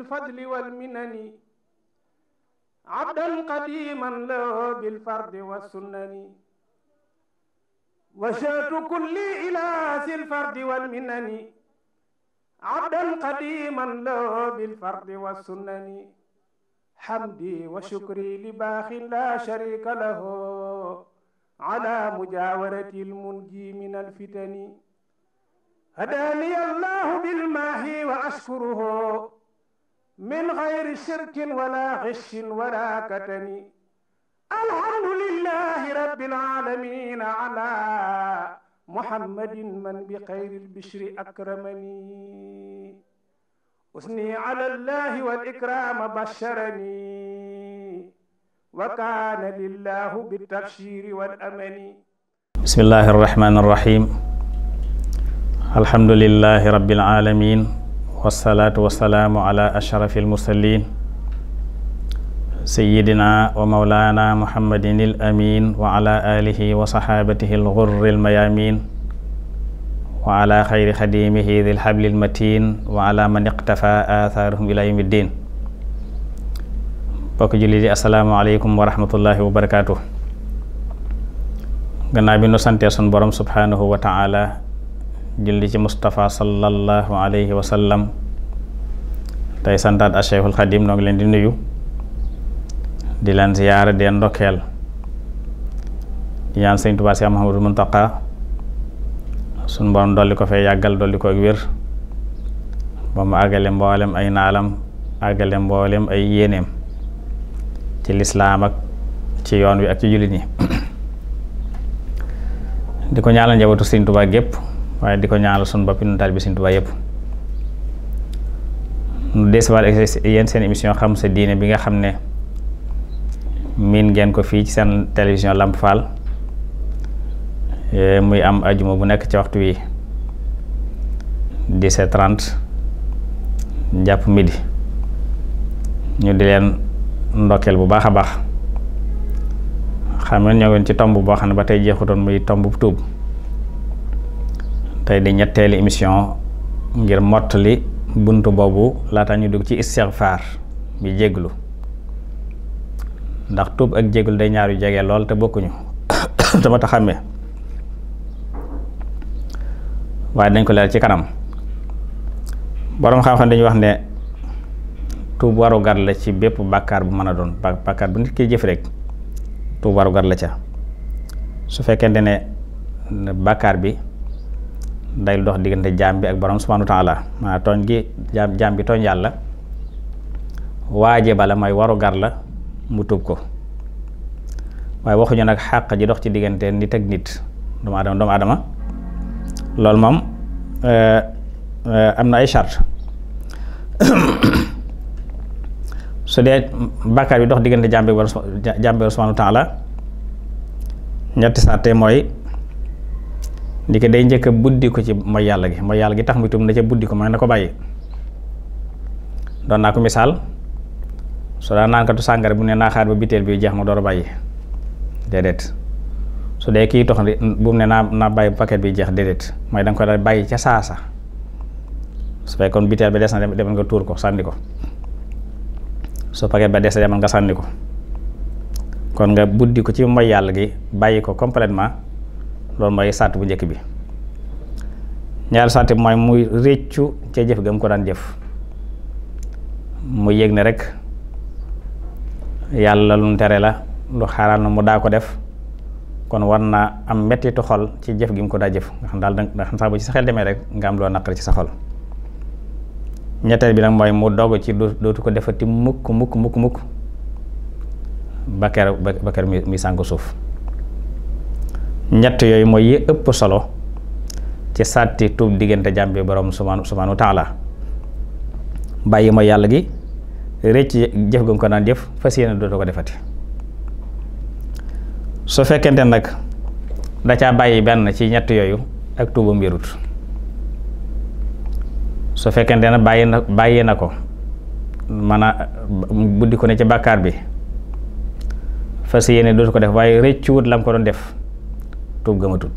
الفضل والمنن عبدا قديما له بالفرد والسنن وشات كل إله الفرد والمنن عبدا قديما له بالفرد والسنن حمدي وشكري لباخ لا شريك له على مجاورة المنجي من الفتن هداني الله بالماهي وأشكره min xayri shirkin wala xishin wala katani alhamdulillahi rabbil alamin ala muhammadin man bi xayri lbishri akramani usni ala allahi wal ikrama basharani wa kana lillahu bitabshiri wal amani bismillahi arrahmani arrahim alhamdulillahi rabbil alamin wasalaatu wasalaamu ala ashrafi almursalin sayidina wa maulana muhammadin il amin wa ala alihi wa saxaabatihi alxurri almayamin wa ala xayri xadimihi di lxabli almatin wa ala man iqtafa athaarahum ila yawmi ddin bokk julli di asalaamu aleykum wa rahmatullahi wa barakatuh gannaaw bi nu santee sun borom subhanahu wa taala julli ci Moustapha sallallahu alayhi wa sallam tey santaat a Cheikhul Xadim leen di nuyu di leen ziyaara di leen ndokkeel di ñaan Sëñ Tuubaa si Muhammadul Muntaqa suñ borom dolli ko fee yàggal dolli ko ak wér ba mu àggale mboolem ay naalam àggale mboolem ay yéeneem ci lislaam ci yoon wi ak ci jullit ñi di ko ñaanal njabootu Sëñ Tuubaa gépp waaye di ko ñaaral sunu bopp nu taal bi Sëriñ Tuubaa yëpp nu desewaat seen émission xam sa diine bi nga xam ne miin ngeen ko fii ci seen télévision Lamp Fall eh, muy am ajuma bu nekk ci waxtu wi 17h30 jàpp midi ñu di leen ndokkeel bu baax a baax xam nga ñoo ci tomb boo xam ne ba tey jeexutoon muy tomb tuub tey di ñetteeli émission ngir mottali bunt boobu laata ñu dugg ci istixfaar bi jéglu ndax tuub ak jéglu day ñaaru jege lool te bokkuñu dama ta xàmmee waaye dañ ko leer ci kanam boroom xam-xam dañuy wax ne tuub warugar la ci bépp bàkkaar bu mën a doon bàkkaar bu nit ki jëf rek tuub warugar la ca su fekkente ne bàkkaar bi day dox diggante jaam bi ak borom subhaanahu wa taala tooñ gi jaam tooñ yàlla waaje bala mooy waru la mu tub ko waaye waxuñu nag xàq ji dox ci diggante nit ak nit doomu aadama doomu aadama loolu moom euh, euh, am na ay charte su dee bàkkaar bi dox diggante jaam bi borom subhaanahu wa taala ñetti sarte mooy ndike day njëkk a buddi ko ci mooy yàlla gi mooy yàlla gi tax mu tuub na ca buddi ko man na ko bàyyi doon naa ko misaal su daa naankatu sàngara bu ne naa xaar ba biteel bi jeex ma door a bàyyi su dee kii tox ne naa naa bàyyi paquet bi jeex déedéet mooy da nga koy daal bàyyi ca saasa su fekkoon biteel bi des na demal nga tuur ko sànni ko su paquet ba des na demal nga sànni ko kon nga buddi ko ci mooy yàlla gi bàyyi ko complètement loolu mooy sart bu njëkk bi ñaar sart bi mooy muy réccu ca jëf gam ko daan jëf mu yëg ne rek yàlla lu mu tere la lu na mu daa ko def kon war naa am mettitu xol ci jëf gi mu ko daa jëf nga xam daal nga xam sax bu ci sa xel demee rek nga am loo naqari ci sa xol ñetteel bi nag mooy mu dogu ci dootu ko defati mukk mukk mukk mukk ba ker ba ker muy sàngu suuf ñett yooyu mooy yi ëpp solo ci sàtti tuub diggante jàmm bi borom subhaanahu subhaanahu wa bàyyi mooy yàlla gi rëcc jëf gu ko naan jëf fas yéene dootoo ko defati su fekkente nag da caa bàyyi benn ci ñett yooyu ak tuubam wérut su fekkente ne bàyyi na bàyyi na ko man a buddi ko ne ci bàkkaar bi fas yéene dootu ko def waaye rëccuwut la mu ko doon def tuub gëmatut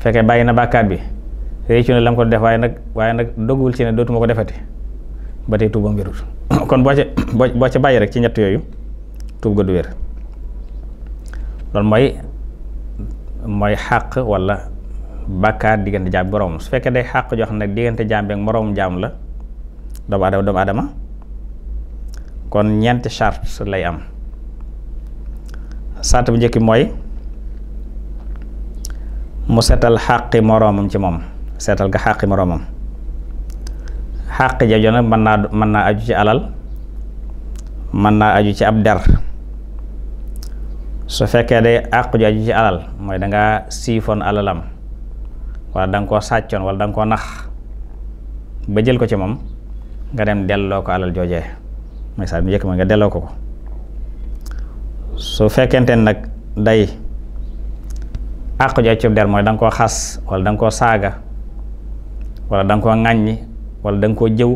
fekkee bàyyi na bàkkaat bi réccu na la mu ko def waaye nag waaye nag dogguwul ci ne dootuma ko defate ba tey tuubam wérut kon boo ca boo bàyyi rek ci ñett yooyu tuub ga du wér loolu mooy mooy xàq walla bàkkaar diggante jaam boroomam su fekkee day xàq joo nag diggante jaam beeg moroomum jaam la doomu aadama doomu aadama kon ñeenti charte lay am charte bu njëkk mooy mu setal xàqi moroomam ci moom seetal ga xàqi moroomam xàq jooju nag mën naa mën naa aju ci alal mën naa aju ci ab der su fekkee day àq ju aju ci alal mooy dangaa siifoon alalam wala da koo sàccoon wala danga koo nax ba jël ko ci moom nga dem delloo ko alal joojee mooy saa mu njëkk ma nga delloo ko ko su fekkente nag day àqu ji cub der mooy da nga koo xas wala danga nga koo saaga wala da nga koo ŋàññi wala da nga koo jëw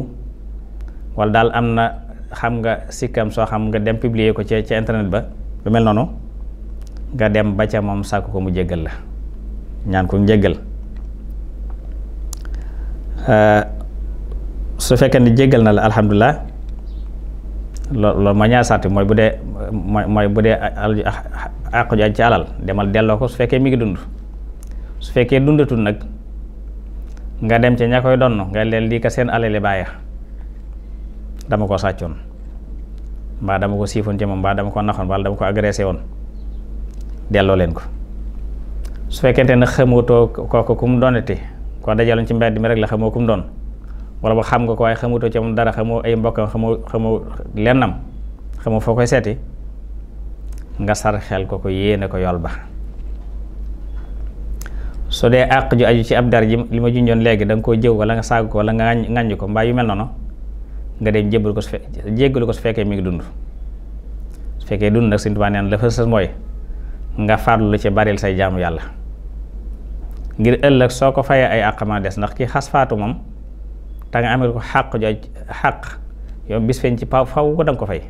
wala daal am na xam nga sikkam soo xam nga dem publier ko ci ci internet ba lu mel noonu nga dem ba ca moom sàkk ko mu jéggal la ñaan ko njéggal euh, su fekkee ne jéggal na la alhamdulilah loolu ma ñaar sàrt mooy bu dee mooy bu dee àqu jaaj ci alal demal delloo ko su fekkee mi ngi dund su fekkee dundatul nag nga dem ca ña koy donn nga leen lii ko seen alali bàyyi dama ko sàccoon mbaa dama ko siifoon ci moom mbaa dama koo naxoon wala dama koo agressé woon delloo leen ko su fekkente ne xamootoo kooku ku mu doonati koo dajaloon ci mbedd mi rek la xamoo ku mu doon wala ba xam nga ko waaye xamutoo ci moom dara xamoo ay mbokkam xamoo xamoo lennam xamoo foo koy seeti nga sar xel ko ko yéene ko yool ba su dee àq ju aju ci ab dar ji li ma junjoon léegi da nga koo jëw wala nga saagu ko wala nga ŋàññ ko mbaa yu mel noonu nga dem jébbalu ko su fe jéggalu ko su fekkee mi ngi dund su fekkee dund nag Sëñ Tuubaa neen la fa sës mooy nga farlu ci baril say jaamu yàlla ngir ëllëg soo ko fayee ay àq ma des ndax ki xas faatu moom te nga amel ko xàq jooj xàq yow bis feeñ ci paw faw ko danga ko fay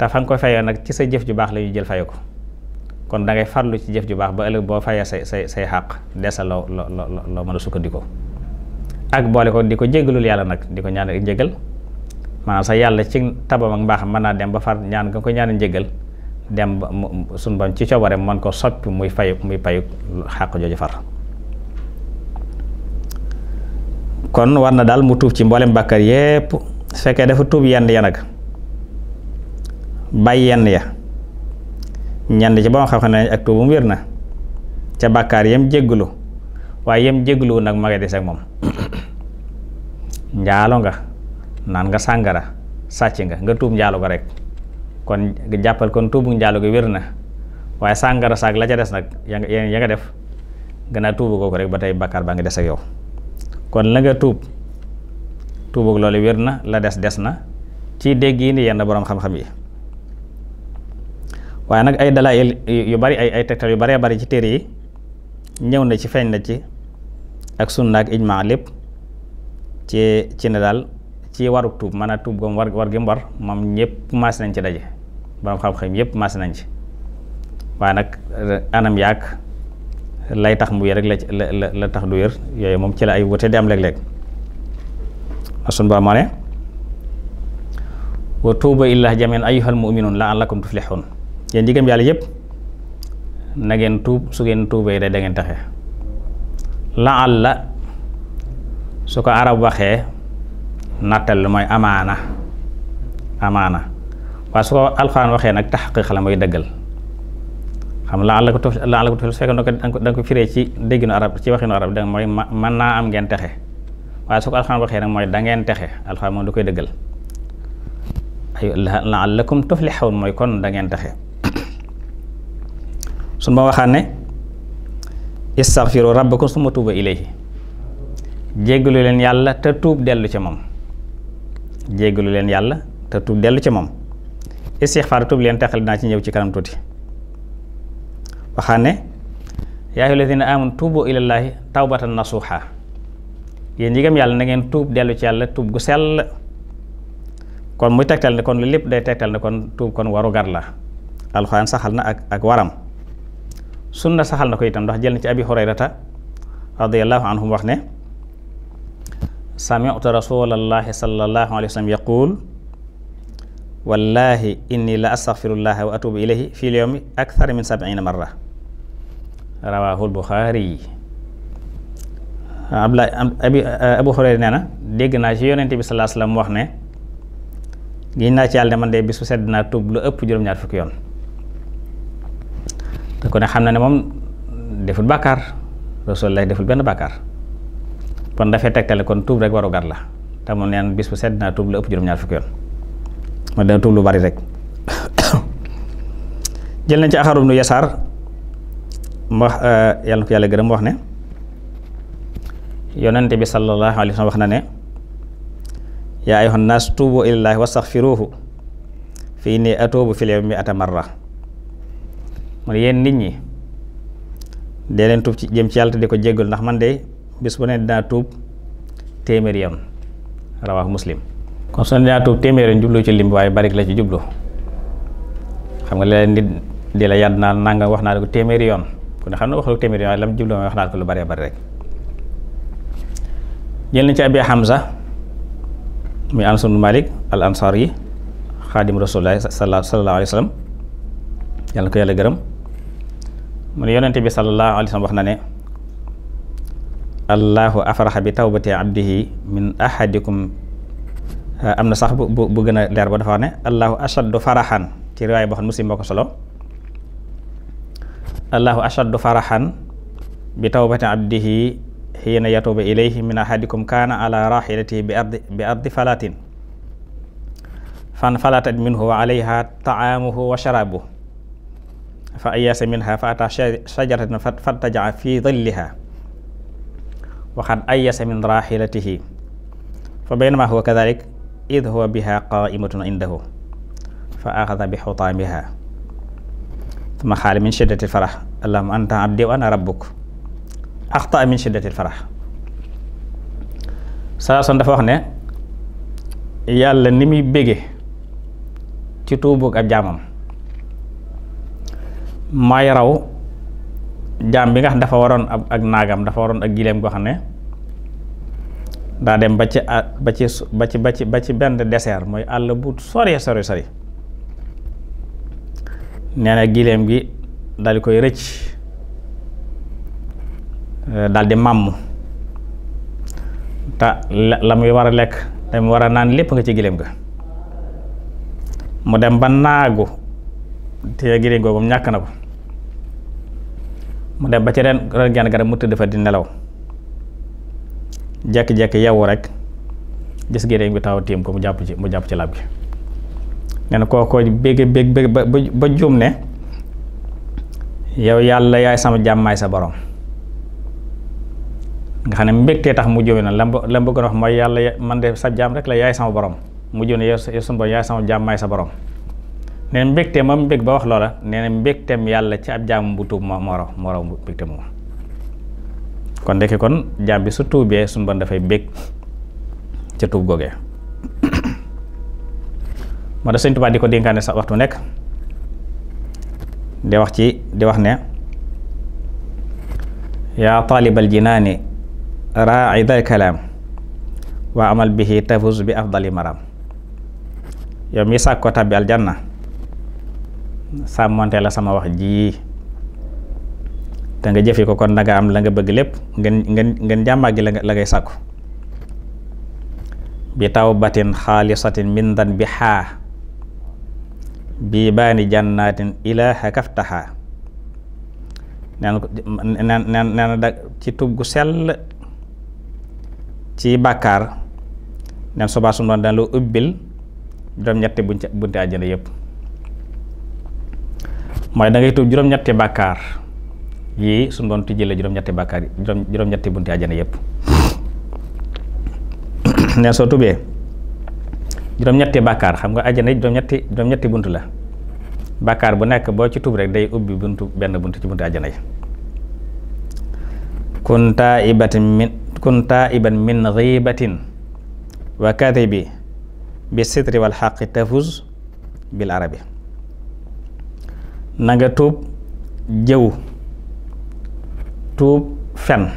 te fa nga koy fayoo nag ci sa jëf ju baax la ñuy jël faye ko kon da ngay farlu ci jëf ju baax ba ëllëg boo fayee say say say xàq desa loo loo loo mën a sukkandikoo ak boole ko di ko jéggalul yàlla nag di ko ñaan ak njëgal maanaam sa yàlla ci tabam ak mbaaxam mën naa dem ba far ñaan nga ko ñaan njëgal dem ba suñu bam ci coobare mën ko soppi muy fay muy payu xàq jooju far kon war na daal mu tuub ci mboolem bàkkar yépp su fekkee dafa tuub yenn ya nag bàyyi yenn ya ñenn ci ba ma xam ne ak tuubam wér na ca bàkkaar yam jégglu waaye yam jégglu nag ma ngay moom njaalo nga naan nga sàngara sàcc nga nga tuub njaalo ko rek kon jàppal kon tuubu njaalo gi wér na waaye sàngara saak la ca des nag ya nga ya nga def gën a kooku rek ba tey bàkkaar baa ngi des ak yow kon la nga tuub tuubug loolu wér na la des des na ci dégg yi ni yenn boroom xam-xam yi waaye nag ay dalaayil yu bari ay ay tegtal yu baree bari ci téere yi ñëw na ci feeñ na ci ak sunna ak ijmaa lépp ci ci ne daal ci waruk tuub maanaam tuub gam war war gi mu moom ñëpp maas nañ ci daje boroom xam-xam yëpp maas nañ ci waaye nag eh, anam yaak lay tax mu rek la la la tax du wér yooyu moom ci la ay wute di am léeg-léeg asun ba maa ne wa tuuba illah jamian ayyuhal mu'minun la'allakum tuflihun yéen jigéen yàlla yëpp na ngeen tuub su ngeen tuubee de da ngeen taxe la'alla su ko arab waxee nattal mooy amaana amaana waaye su ko alxuraan waxee nag taxaqiq la mooy dëggal xam la àll ko tuf la àll ko tuf su fekkee da ko da nga ko firee ci dégginu arab ci waxinu arab da mooy man naa am ngeen texe waaye su ko alxuraan waxee nag mooy da ngeen texe alxuraan moom du koy dëggal ay laallakum tuflixuun mooy kon da ngeen texe ma waxaan ne istaghfiru rabbakum summa tuuba ilayhi jéggalu leen yàlla te dellu ca moom jéggalu leen yàlla te dellu ca moom istixfaar tuub leen texal dinaa ci ñëw ci kanam tuuti waxaa ne yaa ayyuhal lazina aamanu tuubu ilallaahi tawbatan nasuuha yéen yi gëm yàlla nangeen ngeen tuub dellu ci yàlla tuub gu sell kon muy tegtal ne kon lu lépp day tegtal ne kon tuub kon waru gar la alxuraan saxal na ak ak waram sunna saxal na koy itam ndax jël na ci abi hurayrata radiyallahu anhum wax ne sami'tu rasulallahi sallallahu alayhi wa sallam yaqul wallahi inni la astaghfirullaha wa atubu ilayhi fil yawmi akthar min sab'ina marra waa buxaari abla abi abu xurayra nee na dégg naa ci yonente bi salaa mu wax ne giñ naa ci yàlla ne man de bis bu sedd naa tuub lu ëpp juróom-ñaar fukki yoon te kon ne xam na ne moom deful bàkkaar rasulullah deful benn bàkkaar kon dafay tegtale kon tuub rek waru la te mu neen bis bu sedd naa tuub lu ëpp juróom-ñaar fukki yoon ma dana tuub lu bari rek jël nañ ci axarum nu yasaar mu wax eh, yàlla na ko yàlla gërëm wax ne yonente bi sallallahu wax na ne yaa ayyuhan naas tuubu ilallaahi wastaxfiruuhu fa innii atuubu fil yawmi mi'ata marra mu ne yéen nit ñi dee leen tuub ci jëm ci yàlla te di ko jéggal ndax man de bis bu ne dinaa tuub téeméeri yoon rawaahu muslim kon su ne dinaa tuub téeméeri yoon jublu ci lim waaye bari la ci jublu xam nga leen nit di la yàdd naa nanga wax naa di ko téeméeri yoon kon xam na waxal téeméer yooyu lam jublu mooy wax naa ko lu bëree bëri rek jël nañ ci abi Hamza muy Anas ibn Malik al ansar yi xaadim rasulullah sallallahu alayhi wa sallam yàlla ko yàlla gërëm mu ne yonente bi sallallahu alayhi wa sallam wax na ne allahu afraxa bi tawbati abdihi min ahadikum am na sax bu bu gën a leer ba dafa wax ne allahu ashaddu faraxan ci riwaay boo xam muslim boo ko solo allahu ashaddu farahan bi tawbati abdihi xiina yatuba ilayhi min ahadikum kaana ala rahilatihi bi ardi bi ardi falatin fan falatat minhu wa alayha taamuhu wa sharabuhu fa ayasa minha fa ata shajaratan fattajaa fi dhilliha wa qad ayasa min rahilatihi fa baynama huwa kadhalik id huwa biha qaimatun indahu fa axada bi xutaamiha ma xaali min shiddatil farax allahumma anta abdi wa ana rabbuk axta min shiddatil farax saason dafa wax ne yàlla ni muy bége ci tuubug ab jaamam may raw jaam bi nga dafa waroon ab ak naagam dafa waroon ak gileem goo xam ne daa dem ba ci ba ci ba ci ba ci benn désert mooy àll bu sori sori sori nee giléem gi daldi koy rëcc eh, daldi màmm ta la muy war a lekk la war a naan lépp nga ci gileem ga mu dem ba naagu te gileem googu mu ñàkk na ko mu dem ba ci ren ren genn garab mu tëdd fa di nelaw jekki-jekki yeewu rek gis gileem gi taw tiim ko mu jàpp ci mu jàpp ci lab nee na kooko bégg bégg bégg ba ba juum ne yow yàlla yaay sama jàmmaay sa borom nga xam ne mbégtee tax mu juum na la la mu bëggoon wax mooy yàlla man de sa jaam rek la yaay sama borom mu juum ne yow sunu borom yaay sama jàmmaay sa borom nee na ma moom mbég ba wax loola nee na mbégteem yàlla ci ab jaam bu tuub moo moo raw moo raw mbégte moom kon ndeke kon jaam su tuubee sunu borom dafay bég ca tuub googee moo tax sëñ Tuubaa di ko dénkaane sax waxtu nekk di wax ci di wax ne yaa taalibal jinaani raa'i dal kalaam wa amal bihi tafuz bi afdali maram yow mi sàkk ko tàbbi aljanna sàmmonte la sama wax ji te nga jëfe ko kon danga am la nga bëgg lépp ngeen ngeen ngeen jàmmaag gi la ngay sàkku bi tawbatin xaalisatin min dan bi xaa biibaani jannaatin ilaaha kaftaxaa neen neen neen neen da ci tub gu sell ci bàkkaar neen subaa sum doon daan la ubbil juróom-ñetti bunti àjjana yëpp mooy da ngay tub juróom-ñetti bàkkaar yii suñu doon tijji juróom-ñetti bàkkaar yi juróom-ñetti bunti àjjana yëpp neen soo tubee juróom-ñetti bàkkaar xam nga àjjana juróom-ñetti juróom-ñetti bunt la bàkkaar bu nekk boo ci tuub rek day ubbi buntu benn bunt ci buntu àjjana yi kun taibatin min kun taiban min ghibatin wa kadibi bi sitri wal xaqi tafuz bil arabi na nga tuub jëw tuub fen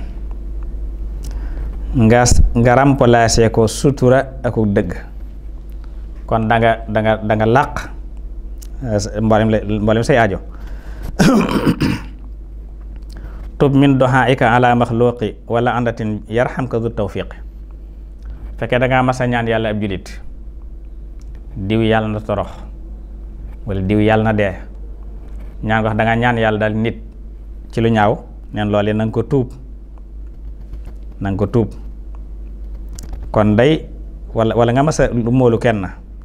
nga nga remplacer ko sutura ak dëgg kon danga danga da nga da nga làq euh, mboolem la mboolem say aajo tub min duhaaika ala maxluqi wala andatin yarhamka du tawfiq fekkee da ngaa mas ñaan yàlla ab julit diw yàlla na torox wala diw yàlla na dee ñaan wax da ñaan yàlla daal nit ci lu ñaaw neen loolu na ko tuub na ko tuub kon day wala wala nga mas a kenn móolu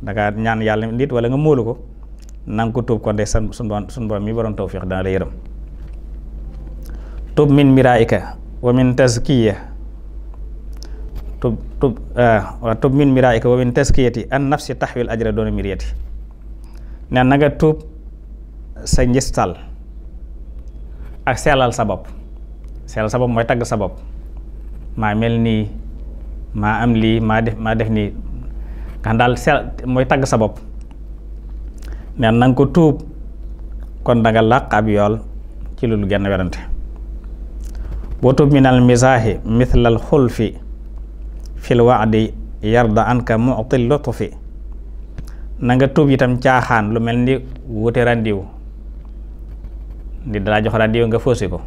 danga ñaan yàlla nit wala nga móolu ko na nga ko tuub kon de san sun borom sun borom mi borom tawfiq dana la yërëm tub min miraayika wa min tazkiya tub tub ah, waa tub min miraayika wa min tazkiyati an nafsi taxwil ajra doona miriyati tuub sa njistal ak sellal sa bopp sellal sa bopp mooy tagg sa bopp maa mel nii maa am lii maa def maa def nii nga xam daal sel mooy tagg sa bopp neen na ko tuub kon da nga làq ab yool ci lu genn werante watub minal misaahi mithlal xulfi fil waadi yarda anka muti lutfi na nga tuub itam caaxaan lu mel ni wute ràndiw di dalaa jox ràndiw nga fóosi ko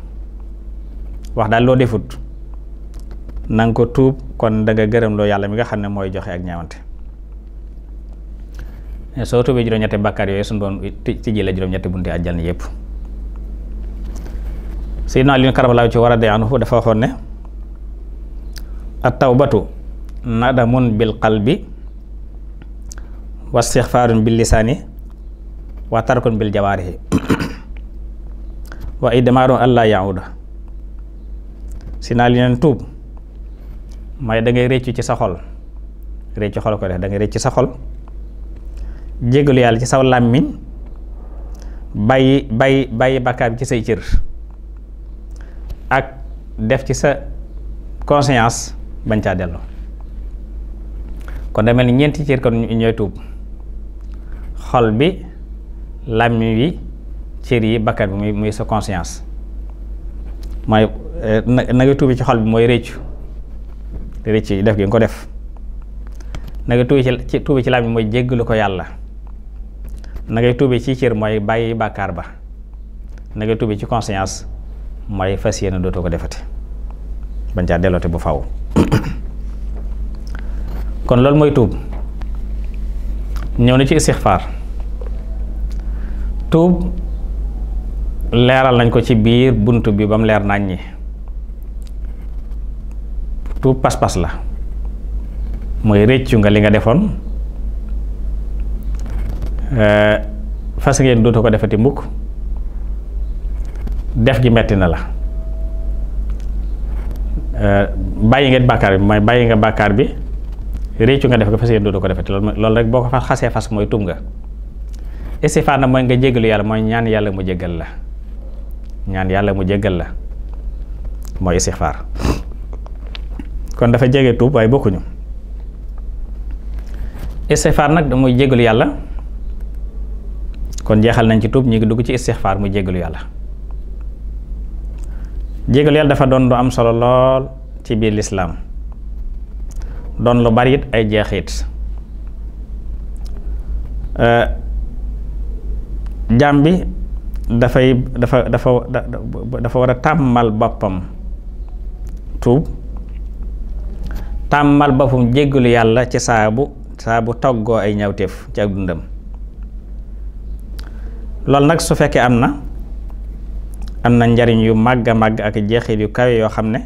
wax daal loo defut na ko tuub kon da gërëm loo yàlla mi nga xam ne mooy joxe ak ñaawante soo tuubee juróom-ñetti bàkkaar yooyu suñu borom tijji la juróom-ñetti bunti àjjana yëpp Sayyidina Ali karamallahu ci war a dee anhu dafa waxoon at tawbatu nadamun bil qalbi wa istixfaarun bil lisaani wa tarkun bil jawaarihi wa idmaarun allaa neen tuub may da réccu ci sa xol réccu xol ko def da ngay réccu ci sa xol jéggalu yàlla ci saw làmmiñ bàyyi bàyyi bàyyi bàkkaar bi ci say cër ak def ci sa conscience bañ caa delloo kon da mel ni ñeenti cër kon ñooy tuub xol bi làmmiñ wi cër yi bàkkaar bi muy muy sa conscience mooy eh, na na nga ci xol bi mooy réccu réccu yi def gi nga ko def na nga tuubi ci tuubi ci làmmiñ mooy jéggalu ko yàlla na ngay tuube ci cër mooy bàyyi bàkkaar ba na ngay tuube ci conscience mooy fas yéene dootoo ko defate bañ delloote bu faw kon loolu mooy tuub ñëw na ci istixfaar tuub leeral nañ ko ci biir bunt bi ba mu leer nañ ñi tuub pas-pas la mooy réccu nga li nga defoon Euh, fas ngeen dootoo ko defati mbukk def gi metti na la euh, bàyyi ngeen bàkkaar bi mooy bàyyi nga bàkkaar bi réccu nga def ko fas yéen dootoo ko defati loolu rek boo ko fas xasee fas mooy tuub nga istifaana mooy nga jéggalu yàlla mooy ñaan yàlla mu jéggal la ñaan yàlla mu jéggal la mooy istixfaar kon dafa jege tuub waaye bokkuñu istixfaar nag da muy yàlla kon jeexal nañ ci tuub ñu ngi dugg ci istixfaar mu jéggalu yàlla jéggalu yàlla dafa doon lu am solo lool ci biir lislaam doon lu bari it ay jeexit jaam bi dafay dafa dafa dafa war a tàmmal boppam tuub tàmmal boppam jéggalu yàlla ci saabu saabu toggoo ay ñawteef ci ak dundam loolu nag su fekkee am na am na njariñ yu màgg a màgg ak jeexit yu kawe yoo xam ne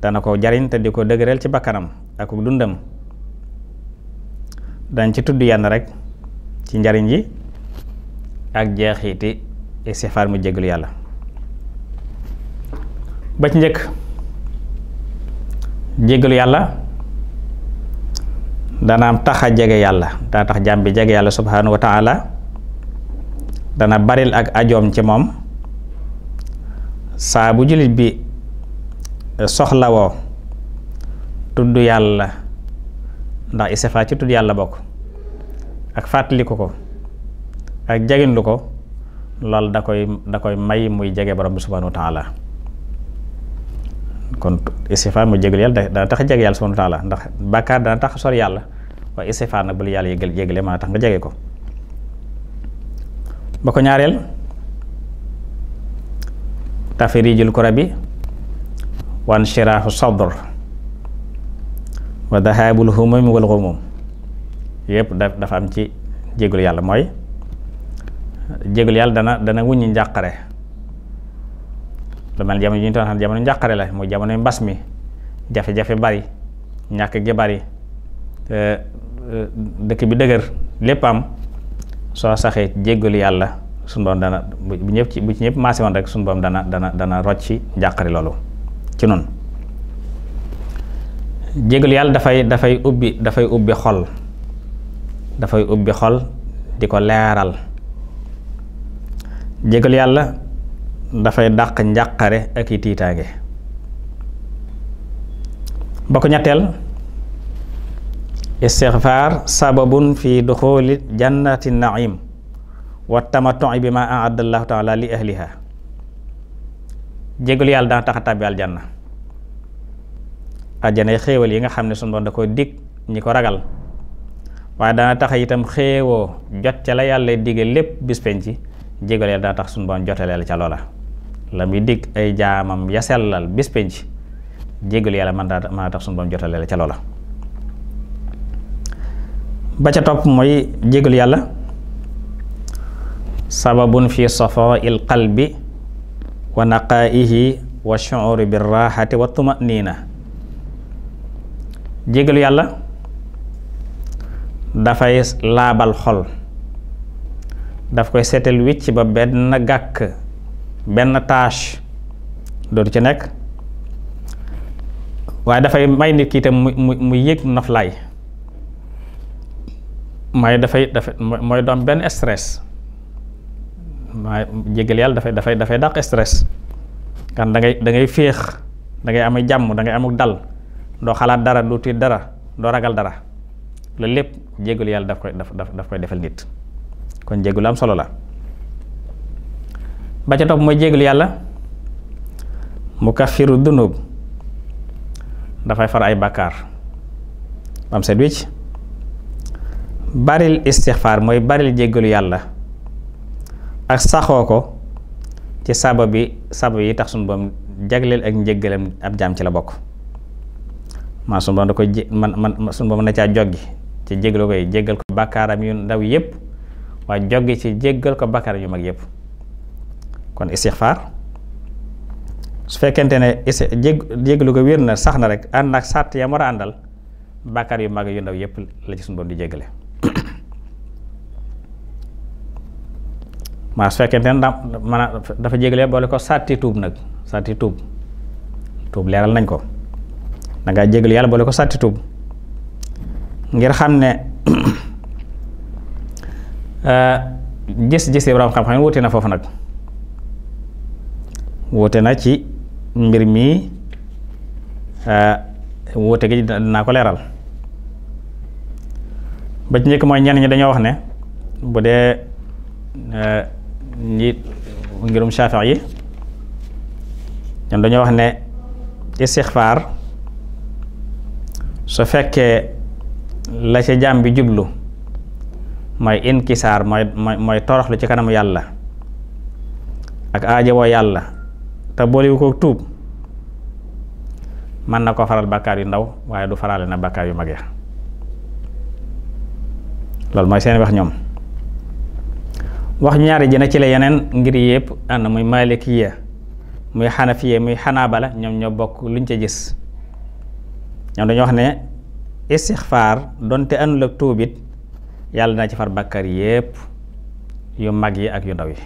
dana ko jariñ te di ko dëgëral ci bakkanam ak dundam dañ ci tudd yenn rek ci njariñ yi ak jeexiti istighfar mu jégalu yàlla ba ci njëkk jégalu yàlla dana am tax jege yàlla daa tax jàmm bi jege yàlla subhanahu wa dana baril ak ajoom ci moom saabu bu jullit bi soxlawoo tudd yàlla ndax istighfar ci tudd yàlla bokk ak fàttaliku ko ak jaginlu ko loolu da koy da koy may muy jege borom bi subhanahu wa taala kon istighfar mu jégalu yàlla dana tax jege yàlla subhanahu wa taala ndax bàkkaar dana tax sori yàlla waaye istighfar nag bu la yàlla yëgal yëgale mën a tax nga jege ko ba ko ñaareel tafrijul bi wan shiraahu sadr wa dahabul humum wal ghumum yëpp dafa am ci jégalu yàlla mooy jégalu yàlla dana dana wuññi njàqare lu mel jamono yi ñu doon jamono njàqare la mooy jamonoy mbas mi jafe-jafe bari ñàkk gi bari dëkk bi dëgër lépp am soo saxee jéggalu yàlla suñu borom dana bu ñëpp ci bu ci ñëpp maase woon rek suñu borom dana dana dana rocc ci njàqare loolu ci noonu jéggalu yàlla dafay dafay ubbi dafay ubbi xol dafay ubbi xol di ko leeral jéggalu yàlla dafay dàq njàqare ak i tiitaange ba ko ñetteel istixfaar sababun fi duxuli jannati naim wa tamatoi bi ma aada allahu taala li ahliha jégalu yàlla dana tax a tàbbi aljanna aljanay xéewal yi nga xam ne suñu doon da ko dig ñi ko ragal waaye dana tax itam xéewoo jot ca la yàlla dige lépp bis penci jégalu yàlla dana tax suñu doon jotaleel ca lola la muy dig ay jaamam ya sellal bis penci jégalu yàlla man daa mën a tax suñu doon jotaleel ca lola ba ca topp mooy jégal yàlla sababun fi safaa il qalbi wa naqaihi wa shuuri bi raxati wa tumanina jégalu yàlla dafay laabal xol daf koy seetal wicc ba benn gàkk benn tâche dootu ci nekk waaye dafay may nit ki itam mu mu mu yëg noflaay mooy dafay dafay mooy doom benn stress maa jégal yàlla dafay dafay dafay dàq stress kan da dangay féex dangay am jàmm dangay am amuk dal doo xalaat dara doo tiit dara doo ragal dara loolu lépp jégalu yàlla daf koy daf daf koy defal nit kon jégalu am solo la ba ca topp mooy jégalu yàlla mu kafiru dunub dafay far ay bàkkaar am set baril istixfaar mooy baril jéggalu yàlla ak saxoo ko ci sabab bi sabab yi tax sunu boom jagleel ak njëggalam ab jaam ci la bokk man sunu boom da ko man man sunu boom na caa joggi ci jéggalu koy jéggal ko bakkaaram yu ndaw yépp waaye joggi ci jéggal ko bakkaaram yu mag yëpp kon istixfaar su fekkente ne ise jéggalu ko wér na sax na rek ànd ak sàtt ya war a àndal bàkkaar yu mag yu ndaw yëpp la ci sunu boom di jéggale maa su fekkente ne man a dafa jégalee boole ko sàtti tuub nag sàtti tuub tuub leeral nañ ko da ngaa jégal yàlla boole ko sàtti tuub ngir xam ne euh, gis-gis yi borom xam-xam wuute na foofu nag wuute na ci mbir mi euh, wuute gi dinaa ko leeral ba ci njëkk mooy ñenn ñi dañoo wax ne bu dee. Euh, njiit ngirum Shaafi yi ñoom dañoo wax ne istixfaar su fekkee la ca jaam bi jublu mooy inkisaar mooy mooy toroxlu ci kanamu yàlla ak aajowoo yàlla te booliwu ko tuub mën na ko faral bàkkaar yu ndaw waaye du farale na bàkkaar yu mag ya loolu mooy seen wax ñoom wax ñaari ji na ci la yeneen ngir yëpp ànd muy malikiya muy xanafiya muy bala ñoom ñoo bokk luñ ca gis ñoom dañu wax ne istixfaar donte àndul ak tuubit yàlla dina ci far bàkkar yëpp yu mag yi ak yu ndaw yi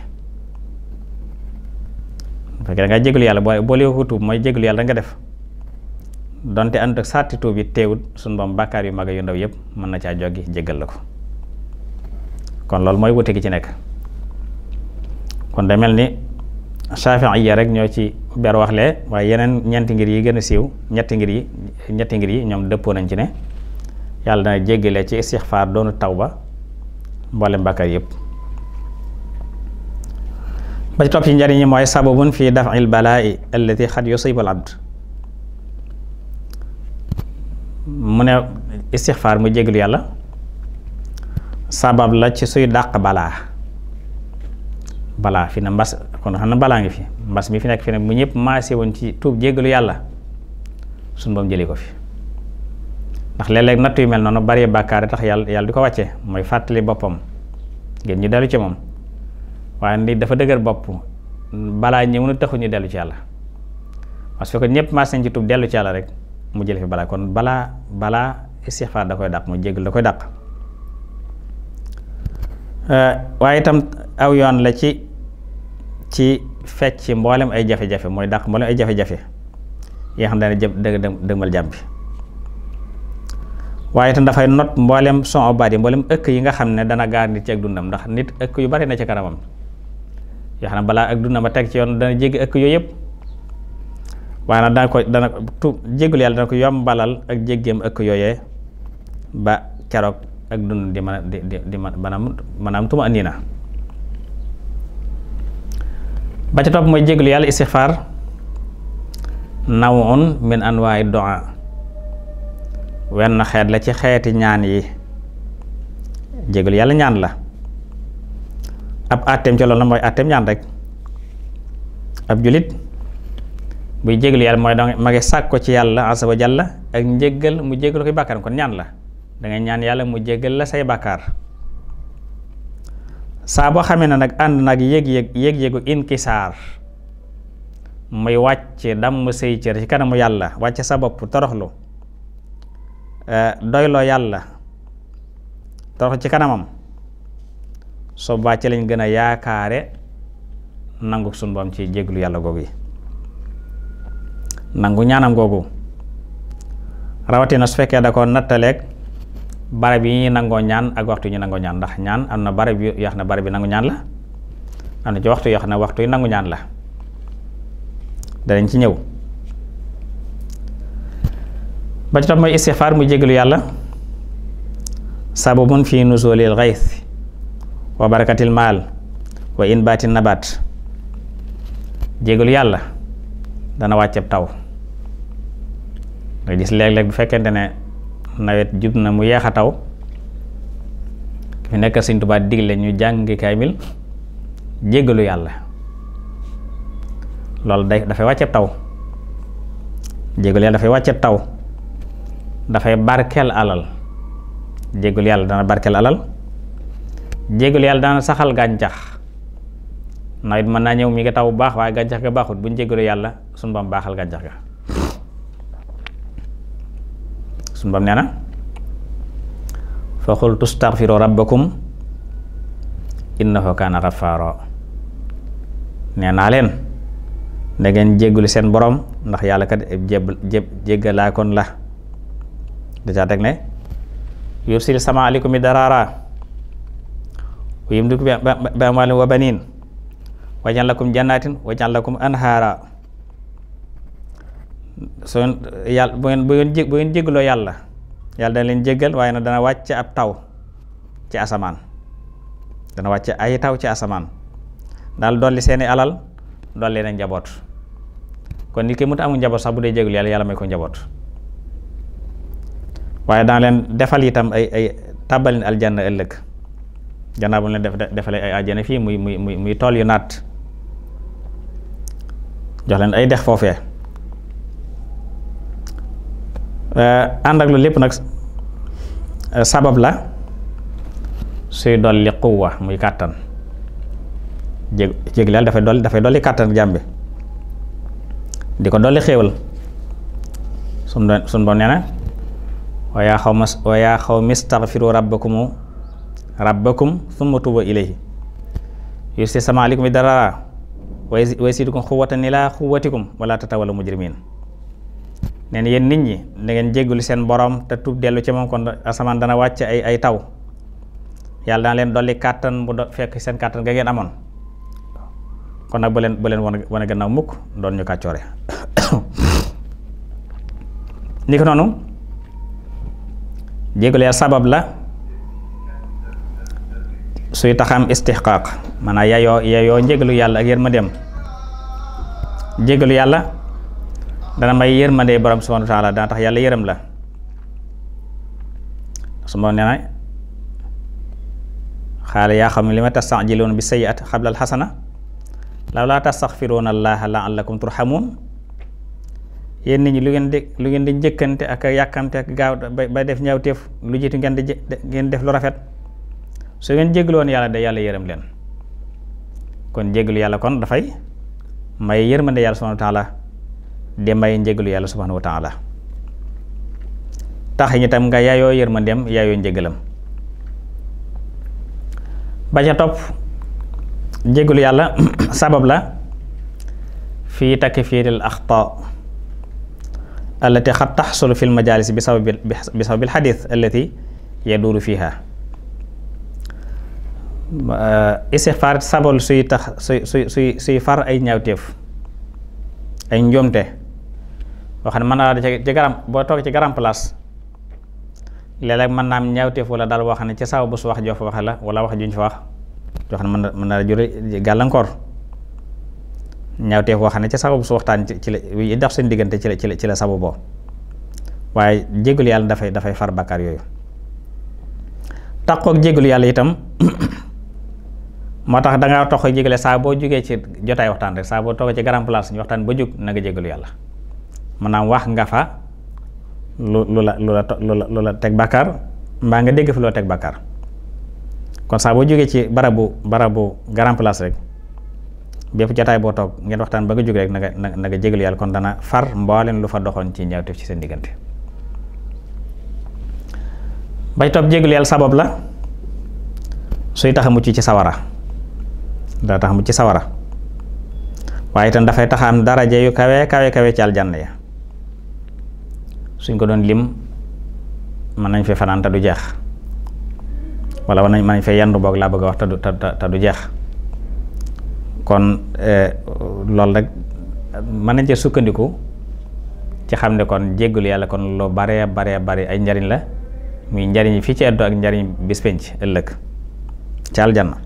fekk da nga jégalu yàlla boo boolee ko tuub mooy jégalu yàlla da nga def donte ànd ak sàtti tuub yi teewut suñu boom bàkkaar yu mag yu ndaw yëpp mën na caa joggi jégal la ko kon loolu mooy wute gi ci nekk kon day mel ni Shafi'iyya rek ñoo ci ber waaye yeneen ñeenti ngir yi gën a siiw ñetti ngir yi ñetti ngir yi ñoom dëppoo nañ ci ne yàlla dana jéggale ci istixfaar doonu ba mboolem bàkkaar yëpp ba ci topp ci njariñ yi mooy sababun fii daf'il balaa'i allati xad yusibul abd mu ne istixfaar mu jéggalu yàlla sabab la ci suy dàq balaa balaa fi na mbas kon xam na balaa ngi fi mbas mi fi nekk fi ne mu ñëpp maase woon ci tuub jéggalu yàlla suñu boom jëlee ko fi ndax léeg-léeg nattu yu mel noonu bari bàkkaar tax yàlla yàlla di ko wàcce mooy fàttali boppam ngeen ñi dellu ci moom waaye ni dafa dëgër bopp balaa ñëw na ñu dellu ci yàlla parce que ñëpp maase nañ ci tuub dellu ci yàlla rek mu jëlee fi balaa kon balaa balaa istixfaar da koy dàq mu jéggalu da koy dàq euh, waaye itam aw la ci fecc mboolem ay jafe-jafe mooy dàq mboolem ay jafe-jafe yoo xam daana waaye itam dafay not mboolem son obaat yi ëkk yi nga xam ne dana gaar nit ci ak dundam ndax nit ëkk yu bari na ci kanamam yoo xam ne balaa ak dundam a teg ci yoon dana jéggi ëkk yooyu yépp waaye nag dana ko dana tu jéggul yàlla dana ko yombalal ak jéggeem ëkk yooyee ba keroog ak dund di man a di di di maanaam maanaam tuma andi na ba ca topp mooy jégalu yàlla istixfaar nawoon min anwaay doa wenn xeet la ci xeeti ñaan yi jégalu yàlla ñaan la ab àtteem ci loolu mooy àtteem ñaan rek ab julit buy jégalu yàlla mooy danga ma ngi ko ci yàlla asa wa ak njégal mu jégalu koy bàkkaaram kon ñaan la dangay ñaan yàlla mu jégal la say bàkkaar saa boo xamee na nag ànd nag yëg-yëg yëg-yëgu inkisaar muy wàcce damm say cër ci kanamu yàlla wàcce sa bopp toroxlu eh, doyloo yàlla toroxlu ci kanamam soo wàcce lañ gën a yaakaare nangu suñu boom ci jéglu yàlla googu yi nangu ñaanam googu rawatina su fekkee da ko nattaleeg barab yi ñu nangoo ñaan ak waxtu ñu nangoo ñaan ndax ñaan am na barab yoo xam ne barab yi nangu ñaan la am na ci waxtu yoo na ne waxtu yi nangu ñaan la danañ ci ñëw ba ci topp mooy istixfaar mu jégalu yàlla sababun fi nuzulil ghaith wa barakatil maal wa inbaati nabaat jégalu yàlla dana wàcceb taw nga gis léeg-léeg bu fekkente ne nawet jub na mu yeex a taw fi nekk Sëñ Tuubaa digle ñu jàng mil jéggalu yàlla loolu day dafay wàcceb taw jéggalu yàlla dafay wàcceb taw dafay barkeel alal jéggalu yàlla dana barkeel alal jéggalu yàlla dana saxal gàncax nawet mën naa ñëw mi nga taw bu baax waaye gàncax ga baaxut bu ñu jéggalu yàlla sunu bam baaxal gàncax ga suñu bam nee na fa qultu astaghfiru rabbakum innahu kaana ghaffara nee naa leen da ngeen jéggulu seen borom ndax yàlla kat jé jéggalaa kon la da caa teg ne yursil sama aleykum bi daraara wa yumdidkum bi amwaalin wa baniin wa ja'al lakum jannaatin wa ja'al lakum soo yàlla bu ngeen bu ngeen jég yàlla yàlla dana leen jégal waaye nag dana wàcc ab taw ci asamaan dana wàcc ay taw ci asamaan daal dolli seeni alal dolli na njaboot kon nit ki mënut amul njaboot sax bu dee jégalu yàlla yàlla may ko njaboot waaye dana leen defal itam ay ay tàbbalin aljanna ëllëg gannaaw bu leen def defalee ay àjjana fii muy muy muy muy tool yu naat jox leen ay dex foofee Eh, ànd ak lépp nag eh, sabab la suy dolli quwwa muy kàttan jég jégleel dafay dolli dafay dolli kàttan jàmm bi di ko dolli xéewal sun doon sun doon nee na yaa xaw ma wa yaa xaw mistaghfiru rabbakumu rabbakum summa tuubu ilayhi yusi sama aleykum bi dara wa yasidukum quwwatan ila quwwatikum wala tatawallaw mujrimin neen yéen nit ñi dangeen ngeen jéggul seen borom te tuub dellu ci moom kon asamaan dana wàcc ay ay taw yàlla dana leen dolli kàttan bu do fekk seen kàttan ga ngeen amoon kon nag bu leen bu leen wan wane gannaaw mukk doon ñu kàccoore ni ko noonu jéggul ya sabab la suy taxam istixqaaq maanaam yayoo yayoo njégalu yàlla ak yéen ma dem jégalu yàlla dana may yërmande borom subhanahu wa taala dana tax yàlla yërëm la su ma nee na yaa xam ne li ma tastajiluuna bi sayyi'ati xablal xasana law laa tastaxfiruuna allaaha la'allakum turhamuun yéen nit ñi lu ngeen di lu ngeen di njëkkante ak yàkkante ak gaaw ba def ñaawteef lu jiitu ngeen di ngeen def lu rafet su ngeen jégloon yàlla de yàlla yërëm leen kon jéglu yàlla kon dafay may yërmande yàlla subhanahu wa di may njëgalu yàlla subhanahu wa tax tam nga yaayoo yërmandeem yaayoo njëgalam ba ca topp njëgalu yàlla sabab la fii takfiiril axtaa allati xat taxsulu fil majaalis bi sababi bi sababil xadiis allati yaduuru fiiha istixfaar sabal suy tax suy suy suy far ay ñaawteef ay njoomte boo xam ne mën naa la ci garam boo toog ci garam place léeg mën naa am ñaawteef wala daal boo xam ne ci saw bu su wax joo fa waxe la wala wax juñ fa wax joo xam mën na mën naa jure gàllankoor ñaawteef boo xam ne ci saw bu waxtaan ci ci la yi dox seen diggante ci la ci la ci la sabu boo waaye jégalu yàlla dafay dafay far bakkaar yooyu takkook jégalu yàlla itam moo tax da ngaa toog jégalee saa boo jógee ci jotaay waxtaan rek saa boo toogee ci grand place ñu waxtaan ba jóg na nga jégalu yàlla. maanaam wax nga fa lu lu la lu la teg bàkkaar mbaa nga dégg fa loo teg bàkkaar kon saa boo jógee ci barabu barabu grand place rek bépp jataay boo toog ngeen waxtaan ba nga jóg rek na nag na nga yàlla kon dana far mbooleen lu fa doxoon ci ñaawteef ci seen diggante bay toog jégalu yàlla sabab la suy tax a mucc ci sawara dana tax a ci sawara waaye tam dafay taxaam daraja yu kawe kawe kawe ci aljanna ya suñ ko doon lim mën nañ fee fanaan te du jeex walla mën nañ mën nañ fee yandu boog laa bëgg a wax te du te du jeex kon eh, loolu rek mën nañ cee sukkandiku ci xam ne kon jéggul yàlla kon lu bare bare bare ay njariñ la muy njariñ fii ci addu ak njariñ bis penc ëllëg ci aljanna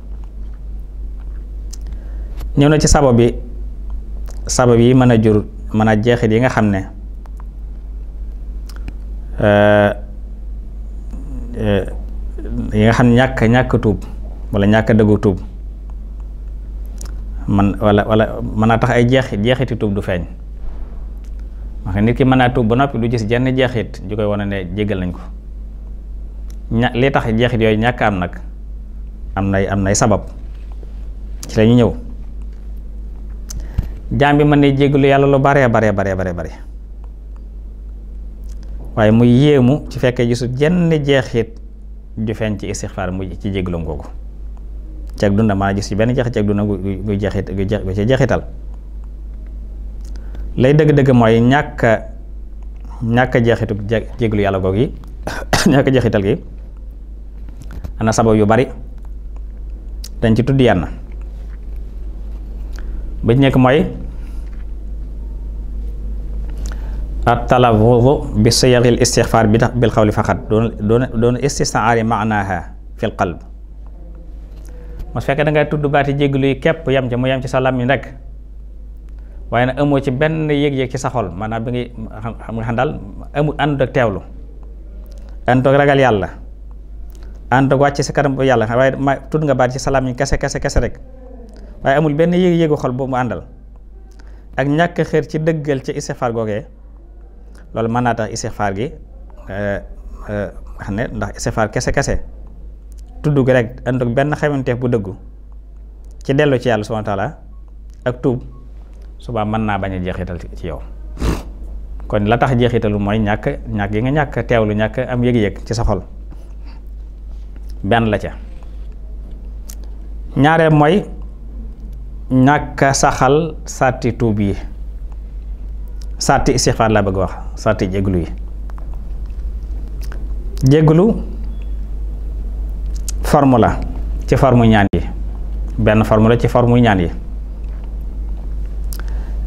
ñëw na ci sabab bi sabab yi mën a jur mën a jeexit yi nga xam ne yi nga xam ñàkk ñàkk tuub wala ñàkk dëggu tuub man wala wala mën a tax ay jeexit jeexiti tuub du feeñ wax nit ki mën naa tuub ba noppi du gis jenn jeexit ju koy wane ne jéggal nañ ko ña li tax jeexit yooyu ñàkk am nag am nay am nay sabab ci la ñëw jaam bi ne na jéggalu yàlla lu bare bare bare bare bare waaye mu yéemu ci fekkee gisu jenn jeexit ju feeñ ci istixfaar mu ci jégloom googu ci ak dunda maa gis ci benn jeexit ci ak dunda gu jeexit gu ci jeexital lay dëgg-dëgg mooy ñàkk ñàkk jeexitu jéglu yàlla googu yi ñàkk jeexital gi na sabab yu bari dañ ci tudd yenn bi ci nekk mooy at talaffuzu bi siyaaqil istixfaar bi bil xawli faqat doon doon doon istisnaari maanaaha fil qalb mu fekkee da ngay tudd baati jéggalu yi képp yam ci mu yam ci sa làmmiñ rek waaye nag amoo ci benn yëg-yëg ci sa xol maanaam bi ngi xam nga xam daal amu ànd ak teewlu ànd ak ragal yàlla ànd ak wàcc si kanam bu yàlla waaye ma tudd nga baat ci sa làmmiñ kese kese kese rek waaye amul benn yëg yéegu xol boobu mu àndal ak ñàkk xër ci dëggal ci istixfaar googee loolu mën naa tax istixfaar gi xam euh, ne euh, ndax istixfaar kese kese tudd gi rek ànd benn xamanteef bu dëggu ci dellu ci yàlla subhaanahu wa ak tuub subaa mën naa bañ a jeexital ci yow kon la tax jeexitalu mooy ñàkk ñàkk gi nga ñàkk teew lu ñàkk am yëg-yëg ci sa xol benn la ca ñaareel mooy ñàkk saxal sàrti tuub yi sarti istixfaar laa bëgg wax sarti jégglu yi jégglu forme la ci forme ñaan yi benn forme la ci forme ñaan yi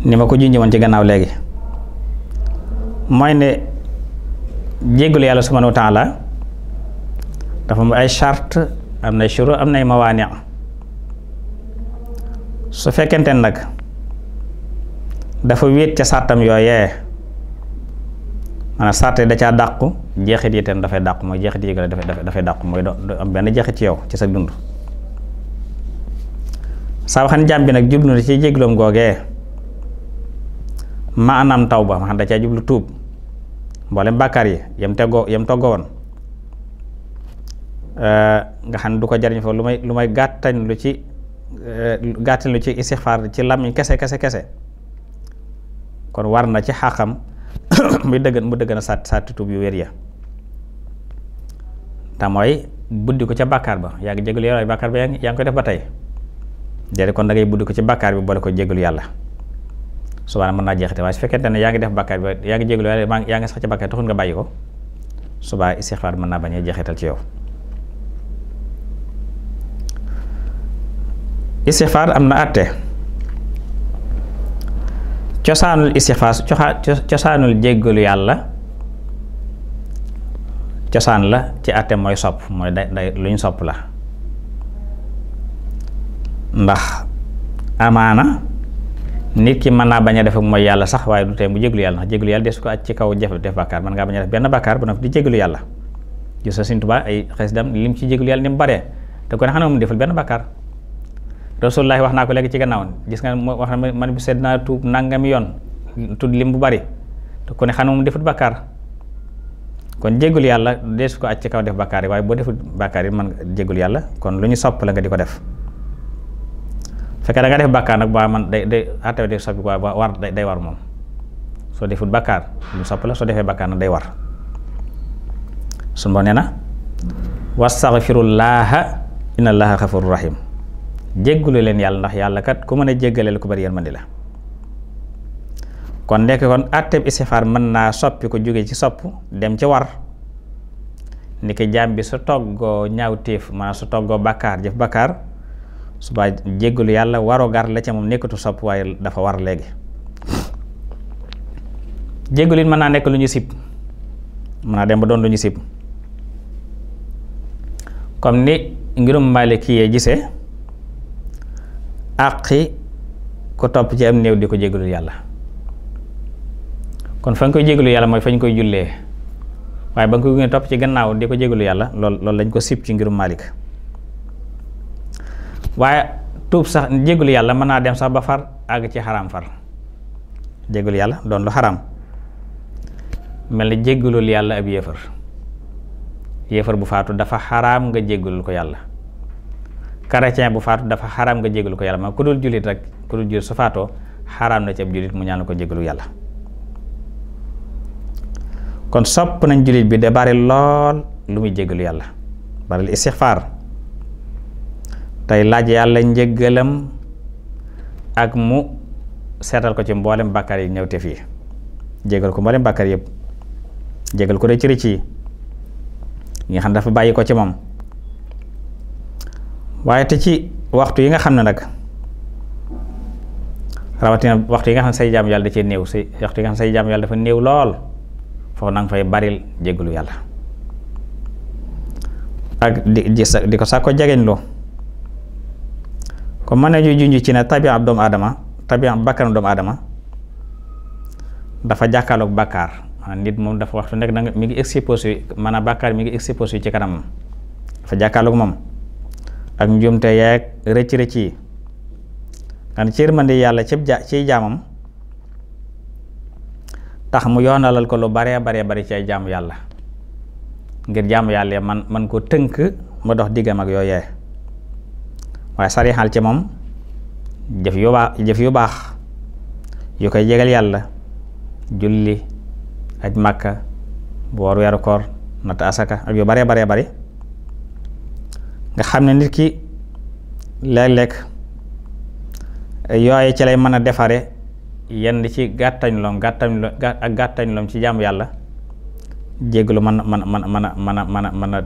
ni ma ko junjee woon ci gannaaw léegi mooy ne jégglu yàlla subhanahu wa taala dafa am ay charte am na shuru am nay mawaani su fekkente nag dafa wéet ca sàttam yooyee maanaam sàtte da caa dàqu jeexit yi itam dafay dàqu mooy jeexit yi gën a dafay dafay dàqu mooy do am benn jeexit ci yow ci sa dund sawaxan jàmm nag jublu na ci jégloom googee maanaam taw ba ma xam da ca jublu tuub mboolem bàkkaar yi yam teggoo yam toggoo woon nga xam ne du ko jariñ fa lu may lu may gàttañ lu ci gàttañ lu ci istixfaar ci làmmiñ kese kese kese kon war na ci xaqam muy dëgg mu dëgg na sàtt sàtt tuub yu wér ya te mooy buddi ko ca bàkkaar ba yaa ngi jégalu yàlla bàkkaar ba yaa ngi koy def ba tey déedéet kon da ngay buddi ko ci bàkkaar bi boole ko jégalu yàlla subaana mën naa jeexite waaye su fekkente ne yaa ngi def bàkkaar bi yaa ngi jégalu yàlla yaa ngi sax ci bàkkaar taxul nga bàyyi ko subaa istixfaar mën naa bañ a jeexital ci yow. istixfaar am na àtte cosaanul istixfaar cosaanul jéggalu yàlla cosaan la ci àtte mooy sopp mooy day day ñu sopp la ndax amaana nit ki mën naa bañ a def ak mooy yàlla sax waaye du tee mu jéggalu yàlla ndax jéggalu yàlla su ko aj ci kaw jëf def bàkkaar mën ngaa bañ a def benn bàkkaar ba noppi di jéggalu yàlla gis sa Sëriñ Tuubaa ay xes dam lim ci jéggalu yàlla ni mu baree te ko ne xam ne moom deful benn bàkkaar rasulullahi wax naa ko léegi ci gannaaw gis nga wax na man bi sedd naa tuub nangami yoon tudd lim bu bari te ku ne xam ne moom defut bàkkaar kon jéggul yàlla dee su ko aj ci kaw def bàkkaar yi waaye boo defut bàkkaar yi man jéggul yàlla kon lu ñu sopp la nga di ko def fekkee da nga def ba man day day àttawe ah, ba war day war moom soo defut bàkkaar lu ñu sopp la soo defee bàkkaar nag day war sun boo nee na wastaxfirullaaha inna allaaha xafuru jéggalu leen yàlla ndax yàlla kat ku mën a jéggaleel ku bari yërmandi la kon ndekk kon àtteeb istixfaar mën naa soppi ko jóge ci sopp dem ci war ni ki jaam bi su toggoo ñaawteef maanaam su toggoo bakkaar jëf bakkaar suba jéggalu yàlla waroo gar la ca moom nekkatu sopp waaye dafa war léegi jéggalu it mën naa nekk lu ñu sib mën naa dem ba doon lu ñu sib comme ni ngirum Maliki yee gisee àqi ku topp ci am néew di ko jégalul yàlla kon fa nga koy jégalu yàlla mooy fa ñu koy jullee waaye ba nga koy gunge topp ci gannaaw di ko jégalu yàlla lool loolu lañ ko sib ci ngirum Maalik waaye tuub sax jégalu yàlla mën naa dem sax ba far àgg ci xaraam far jégalu yàlla doon lu xaraam mel ni jégalul yàlla ab yéefar yéefar bu faatu dafa xaraam nga jégalul ko yàlla chrétien bu faatu dafa xaraam nga jégalu ko yàlla ma ku dul jullit rek ku dul jullit su faatoo xaraam na ci ab jullit mu ñaan ko jégalu yàlla kon sopp nañ jullit bi de bari lool lu muy jégalu yàlla bari istixfaar tey laaj yàlla njëgalam ak mu seetal ko ci mboolem bàkkar yi ñëw te fii jégal ko mboolem bàkkaar yëpp jégal ko rëcc rëcc yi nga xam dafa bàyyi ko ci moom waaye te ci waxtu yi nga xam ne nag rawatina waxtu yi nga xam ne say jaam yàlla da cee néew say waxtu yi nga xam dafa néew lool foofu na nga fay baril jégalu yàlla ak di di ko sàkko jegeñ loo ko mën nañu junj ci ne tabi ab doomu aadama tabi ab bàkkaaru doomu aadama dafa jàkkaarloog bàkkaar nit moom dafa waxtu nekk da nga mi ngi exposé maanaam bàkkaar mi ngi exposé ci kanam dafa jàkkaarloog moom ak njuumte yaag rëcc rëcc yi xan ci yërmande yàlla cib ja ciy jaamam tax mu yoonalal ko lu bare baree bari ci ay jaamu yàlla ngir jaamu yàlla man man koo tënk ma dox diggam ak yooyee waaye sarixal ci moom jëf yu baax jëf yu baax yu koy jegal yàlla julli ak màkka boor weeru koor natt asaka ak yu bare baree bari nga xam ne nit ki léeg lekk yooye ci lay mën a defare yenn ci gàttañ gàttañlom ak gàttañlom ci jàmm yàlla jégglu mën man man mën a mën a mën a mën a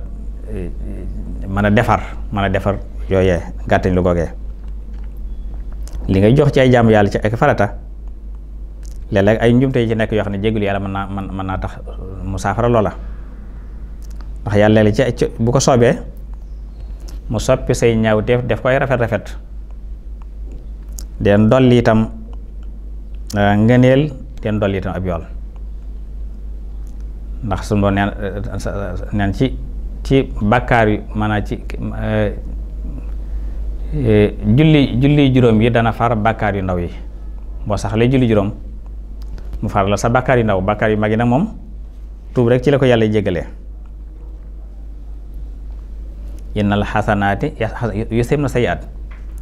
mën a defar man a defar yooye gàttañ lu googee li ngay jox ci ay jàmm yàlla ci ak farata léeg ay njumte yi ci nekk yoo xam ne jégglu yàlla mën naa mën mën naa tax mu saafara loola ndax yàlla léeg ci bu ko soobee mu soppi say ñaawteef def koy rafet rafet den dolli itam ah, ngëneel den dolli itam ab yool ndax su doon eh, neen ci ci bàkkaar yu maanaam ci eh, eh, julli julli juróom yi dana far bàkkaar yu ndaw yi boo sax lay julli juróom mu far la sa bàkkaar yu ndaw bàkkaar yu mag yi nag moom tuub rek ci la ko yàlla jéggalee innal xasanaati yusib na sayiat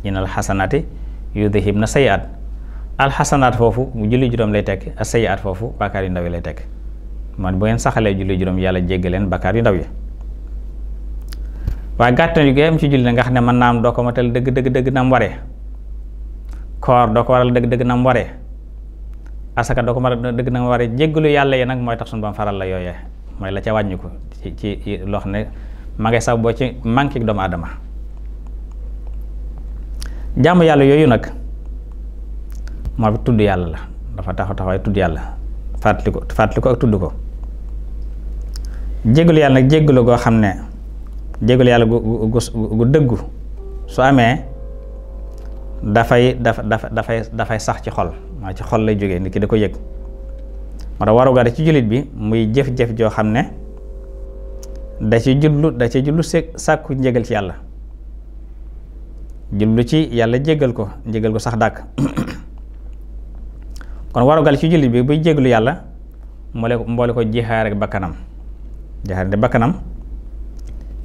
innal xasanaati yudhib na sayiat alxasanaat foofu julli juróom lay tekk ak sayiat foofu bakkaar yu ndaw yi lay tekk man bu ngeen saxalee julli juróom yàlla jéggal leen bakkaar yu ndaw yi waaye gàttan yu am ci julli na nga xam ne mën naa am doo ko matal dëgg dëgg dëgg na mu waree koor doo ko waral dëgg dëgg na mu waree asaka doo ko mën a dëgg na mu waree jéggalu yàlla yi nag mooy tax suñu bam faral la yooyee mooy la ca wàññiku ci ci loo xam ne ma ngay boo ci manqué doomu aadama jàmm yàlla yooyu nag moo tudd yàlla la dafa taxaw taxawaay tudd yàlla fàttali ko fàttali ko ak tudd ko jégalu yàlla nag jégalu goo xam ne jégalu yàlla gu gu gu dëggu su amee dafay dafa dafay dafay sax ci xol maa ci xol lay jóge nit ki da ko yëg moo tax warugar ci jullit bi muy jëf-jëf joo xam ne da ci jullu da ci jullu sàkku njëgal ci yàlla jullu ci yàlla jéggal ko njégal ko sax dàkk kon warugal ci jullit bi buy jéglu yàlla mboole ko mboole ko jixaar ak bakkanam jixaar de bakkanam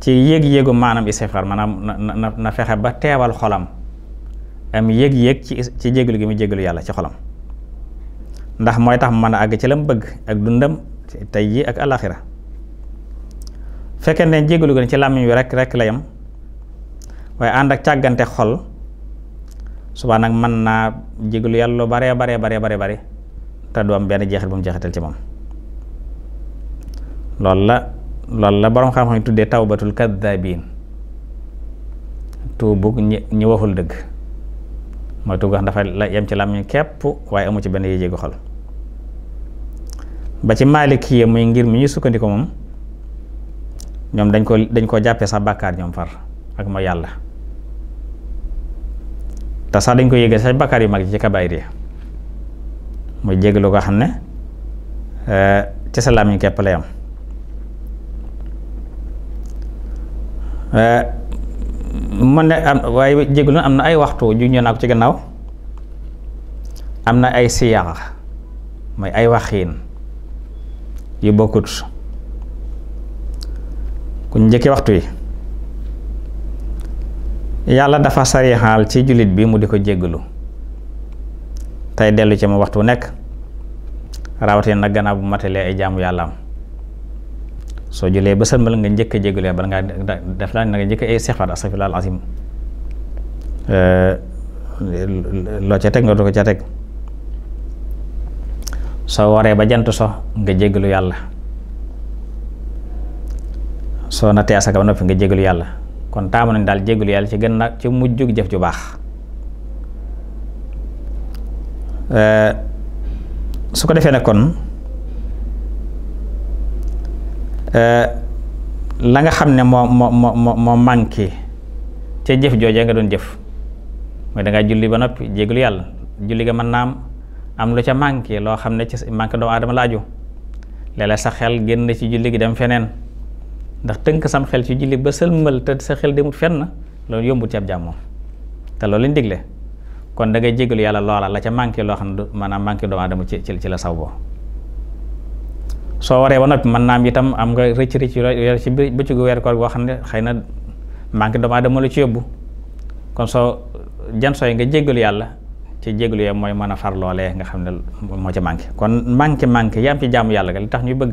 ci yéeg-yéegu maanaam istixfaar maanaam na na fexe ba teebal xolam am yéeg-yéeg ci ci jéglu gi mu jéglu yàlla ci xolam ndax mooy tax man mën a àgg ci lam bëgg ak dundam tey yi ak alaxira fekkee ne jégalu gën ci làmmiñ wi rek rek la yam waaye ànd ak càggante xol subaa nag mën naa jégalu yàlla lu bare bare bare bare bare te doom benn jeexit bu mu ci moom lool la loolu la boroom xam-xam yi tuddee tawbatul kaddaabin tuubug ñi ñi waxul dëgg mooy tuug dafa la yem ci làmmiñ képp waaye amu ci benn yéejéegu xol ba ci maalik yi muy ngir mi ñuy sukkandiku moom ñoom dañ ko dañ ko jàppee sax bàkkaar ñoom far ak mooy yàlla te sax dañ ko yégal sax bàkkaar yu mag yi ci kabaayir yi muy jéggalu ko xam ne eh, ci sa làmmiñ képp lay am eh, mën na am waaye jéggalu am na ay waxtu ju ñu naa ko ci gannaaw am na ay siyaax mooy ay waxiin yu bokkut ku njëkki waxtu yi yàlla dafa sarixaal ci jullit bi mu di ko jéggalu tey dellu ci mu waxtu nekk rawatina nag gannaaw bu matalee ay jaamu yàlla soo julee ba sëlmal nga njëkk a jéggalu bala ngaa def laa nga njëkk ay sixfar astaghfirullah al-azim loo ca teg nga du ko ca teg soo waree ba jant so nga jéggalu yàlla soo nattee asaka ba noppi nga jégalu yàlla kon taamu nañ daal jégalu yàlla ci gën na ci mujjug jëf ju baax eh, su ko defee nag kon eh, la nga xam ne moo moo moo moo manqué ca jëf joojee nga doon jëf mooy da ngaa julli ba noppi jégalu yàlla julli ga mën naa am lu ca manqué loo xam ne ci manqué doomu aadama laaju léeg-léeg sa xel génn ci julli gi dem feneen. ndax tënk sam xel ci julli ba sëlmal te sa xel demut fenn loolu yombut ci ab jàmm moom te loolu lañ digle kon da ngay jégalu yàlla loola la ca manqué loo xam ne maanaam manqué doomu aadama ci ci la saw waree ba noppi mën naa am itam am nga rëcc rëcc yor ci bëccëgu weer boo xam ne xëy na manqué doomu aadama la ci yóbbu kon soo jan sooy nga jégalu yàlla ci jégalu yooyu mooy mën a far loolee nga xam ne moo ca manqué kon manqué manqué yaa am ci jaamu yàlla ga li tax ñuy bëgg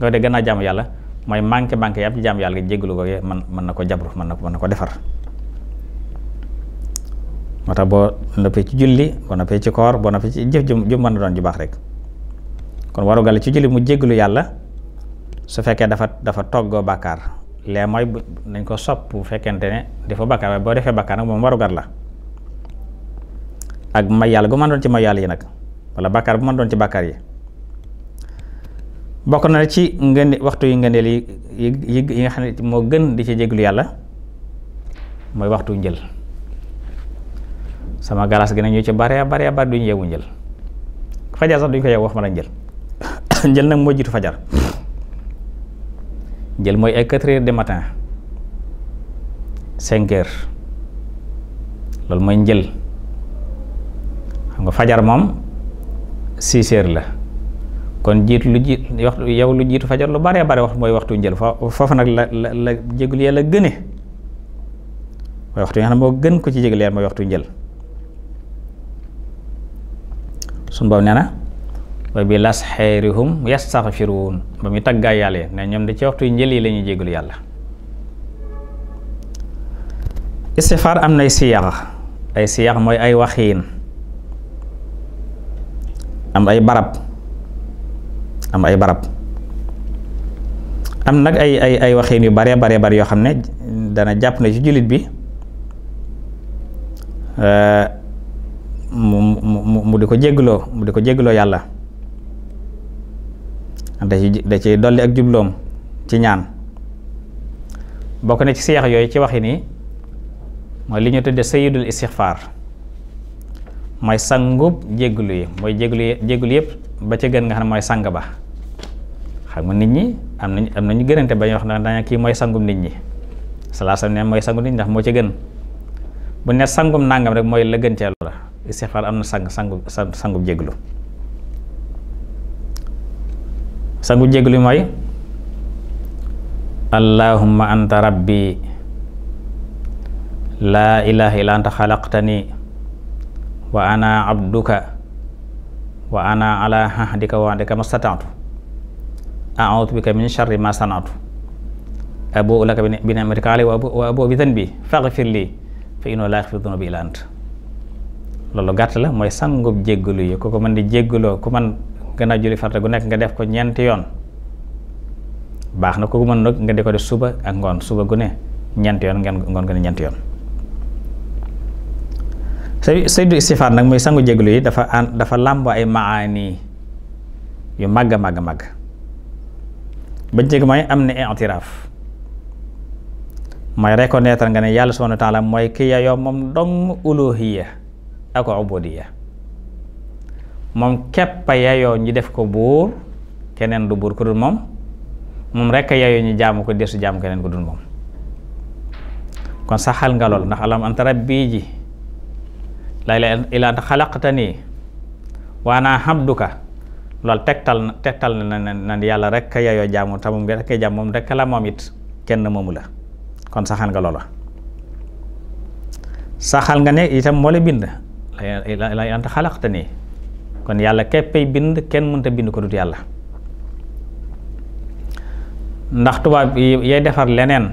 nga de gën a jàmm yàlla. mooy manqué manqué yi am ci jaam yàlla nga ko man mën na ko jabru mën na ko mën na ko defar moo tax boo noppee ci julli boo noppee ci koor boo noppee ci mën na doon ju baax kon waru ci julli mu jéggalu yàlla su fekkee dafa dafa toggoo bàkkaar lee mooy nañ ko sopp bu fekkente ne dafa bàkkaar boo defee bàkkaar nag moom warugar la ak ma yàlla gu mën doon ci may yàlla yi nag wala bàkkaar bu mën doon ci bàkkaar yi bokk na ci ngeen waxtu yu ngëneel yi yi yi nga xam ne moo gën di ci jéglu yàlla mooy waxtu njël sama galas gi nag ñu ci bare bare bare duñu yeewu njël fajar sax duñ ko yeewu wax ma la njël njël nag moo jiitu fajar njël mooy ay quatre heures du matin cinq loolu mooy njël xam nga fajar moom six la kon jiitu lu jiit waxtu yow lu jiitu fajar lu bare bare waxtu mooy waxtu njël foofu nag la la la jégul yàlla gëne mooy waxtu yi nga xam ne moo gën ko ci jégul yàlla mooy waxtu njël suñu boobu na bi las xeerihum yastaxfiruun muy taggaay yàlla yi ne ñoom de ci waxtu njël yi la ñuy jégul yàlla istifaar am nay siyaax ay siyaax mooy ay waxiin am ay barab am ay barab am nag ay ay ay waxin yu bare bare bare yoo xam ne dana jàpp na ci jullit bi eh, mu mu mu di ko jéggloo mu di ko jéggloo yàlla da ci da ci dolli ak jubloom ci ñaan bokk na ci seex yooyu ci waxi nii mooy li ñu tudde sayidul istixfaar mooy sangub jégglu yi mooy jégglu jégglu yëpp ba ca gën nga xam mooy sang ba xam nga nit ñi am na am nañu gënante ba wax ne dañu kii mooy sangum nit ñi salaasam ne mooy sangum nit ñi ndax moo ci gën bu ne sangum nangam rek mooy la gën ci la istixfaar am na sang sangu sangum jéglu sangu jéglu mooy allahumma anta rabbi laa ilaha illa anta xalaqtani wa ana abduka wa ana ala ahdika wa ahdika mastataatu a'udhu bika min sharri ma sanatu abu laka bi ni'matika alayya wa abu bi dhanbi faghfir li fa innahu la yaghfiru dhunuba illa anta loolu gàtt la mooy sangub jéggalu yi ko ko mën di jéggaloo ku man gannaaw julli farata gu nekk nga def ko ñeenti yoon baax na ku ko mën nag nga di ko def suba ak ngoon suba gu ne ñeenti yoon ngeen ngoon gu ne ñeenti yoon saydu istifaar nag mooy sangu jéggalu yi dafa an dafa làmboo ay maani yu màgg a màgg a màgg ba njëkk mooy am na i'tiraaf mooy reconnaître nga ne yàlla subhaanahu wa taala mooy ki ya yow moom dong uluhiyya ak ubudiyya moom képp a yayoo ñu def ko buur keneen du buur ku dul moom moom rek a yayoo ñu jaamu ko desu jaamu keneen ku dul moom kon saxal nga lool ndax alam anta rabbii ji laa ilaaha illaa anta xalaqtanii wa ana abduka loolu tegtal na tegtal na na yàlla rek ka yaayoo jaamu te moom rek jaam moom rek la moom it kenn moomu la kon saxal nga loola saxal nga ne itam moo la bind la anta xalaqta nii kon yàlla képpay bind kenn mënta bind ko dut yàlla ndax tubaab yay defar leneen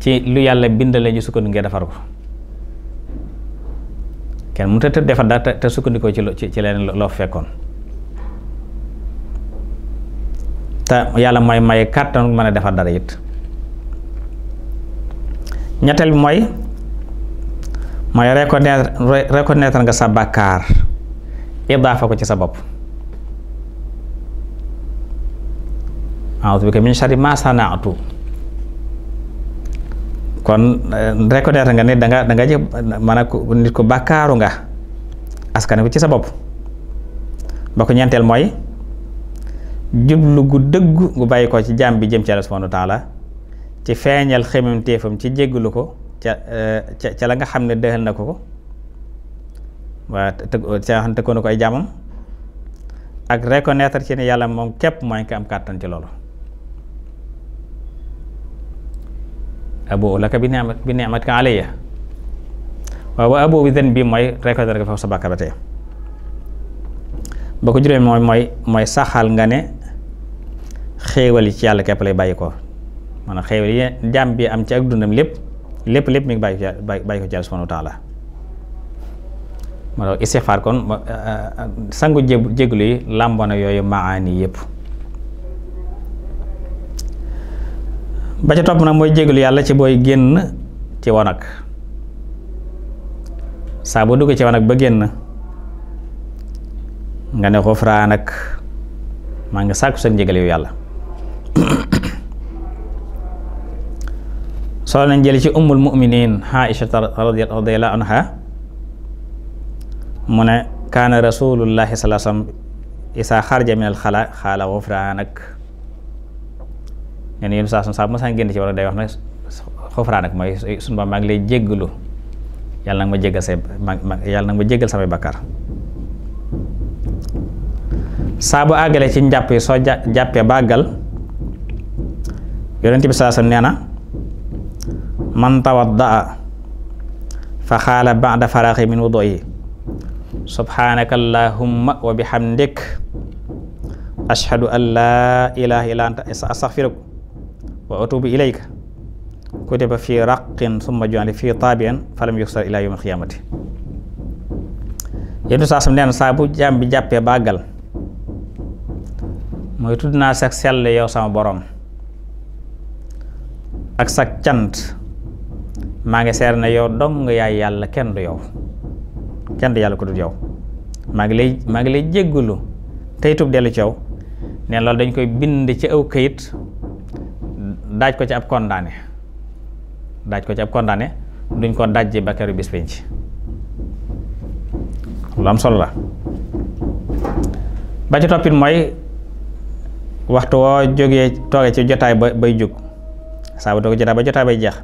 ci lu yàlla bind la ñu sukkandiku ngay defar ko kenn mënut a defar dara te sukkandikoo ci ci ci leneen loo fekkoon te yàlla mooy may kàttan mën a defar dara it ñetteel bi mooy mooy reconnaître reconnaître nga sa bàkkaar idaafa ko ci sa bopp a'udhu bika min sharri ma sana'tu kon reconnaître nga ne danga danga da man jë ko nit ko bakkaaru nga askane ko ci sa bopp ba ko ñeenteel mooy jublu gu dëgg gu bàyyi ko ci jaam bi jëm ci Yàlla subhaanahu ci feeñal xememteefam ci jéggalu ko ca ca ca la nga xam ne dëxal na ko ko waa të ca xam tëkkoon na ko ay jaamam ak reconnaître ci ne yàlla moom képp mooy nga am kàttan ci loolu aboo laka bi ni'mat bi ni'matika alayya waaw wa aboo bi dhanbi mooy récolté nga foofu sa bàkkaar ba ko juróom mooy mooy mooy saxal nga ne xéewal yi ci yàlla képp lay bàyyi ko maanaam xéewal yi jàmm bi am ci ak dundam lépp lépp lépp mi ngi bàyyi ko bàyyi ci yàlla subhanahu wa taala moo tax istixfaar kon sangu jé jégalu yi làmboo na yooyu maani yëpp ba ca topp nag mooy jégalu yàlla ci booy génn ci wanag saa boo dugg ci wanag ba génn nga ne xufraan maa ngi sàkku sa njégal yow yàlla soo nañ jëli ci ummul mu'minin Aïshata radiyallahu anha mu ne kaana rasulullahi sallallahu xarja min al xaala xufraanak nee na yéen saa su saa bu ma saa génn ci wala day wax nag xofraan mooy sunu ba maa lay jéggalu yàlla nag ma jéggal say samay bakkaar saa bu àggalee ci njàpp yi soo jàppee bàggal yonent bi saa sam nee na man tawaddaa fa xaala ba'da faraaxi min wudu'i subhaanaka allahumma wa bihamdik ashhadu an laa ilaaha illa anta astaghfiruka wa atubu ilayka ba fii raqin summa ju'ila fii taabi'an falam yuksar ilaa yawmil qiyaamati yéen saa sam neen saa bu jaam bi jàppee bàggal mooy tudd naa sax sell yow sama borom ak sax cant maa ngi seer na yow dong yaay yàlla kenn du yow kenn du yàlla ko dul yow maa ngi lay maa ngi lay jéggalu tey tub dellu ci yow neen loolu dañ koy bind ci aw kayit daaj ko ci ab condamné daaj ko ci ab condamné duñ ko dajji ba keroog bis penc lu am solo la ba ci toppit mooy waxtu woo jógee toogee ci jotaay ba bay jóg saa bu toogee jotaay ba jotaay bay jeex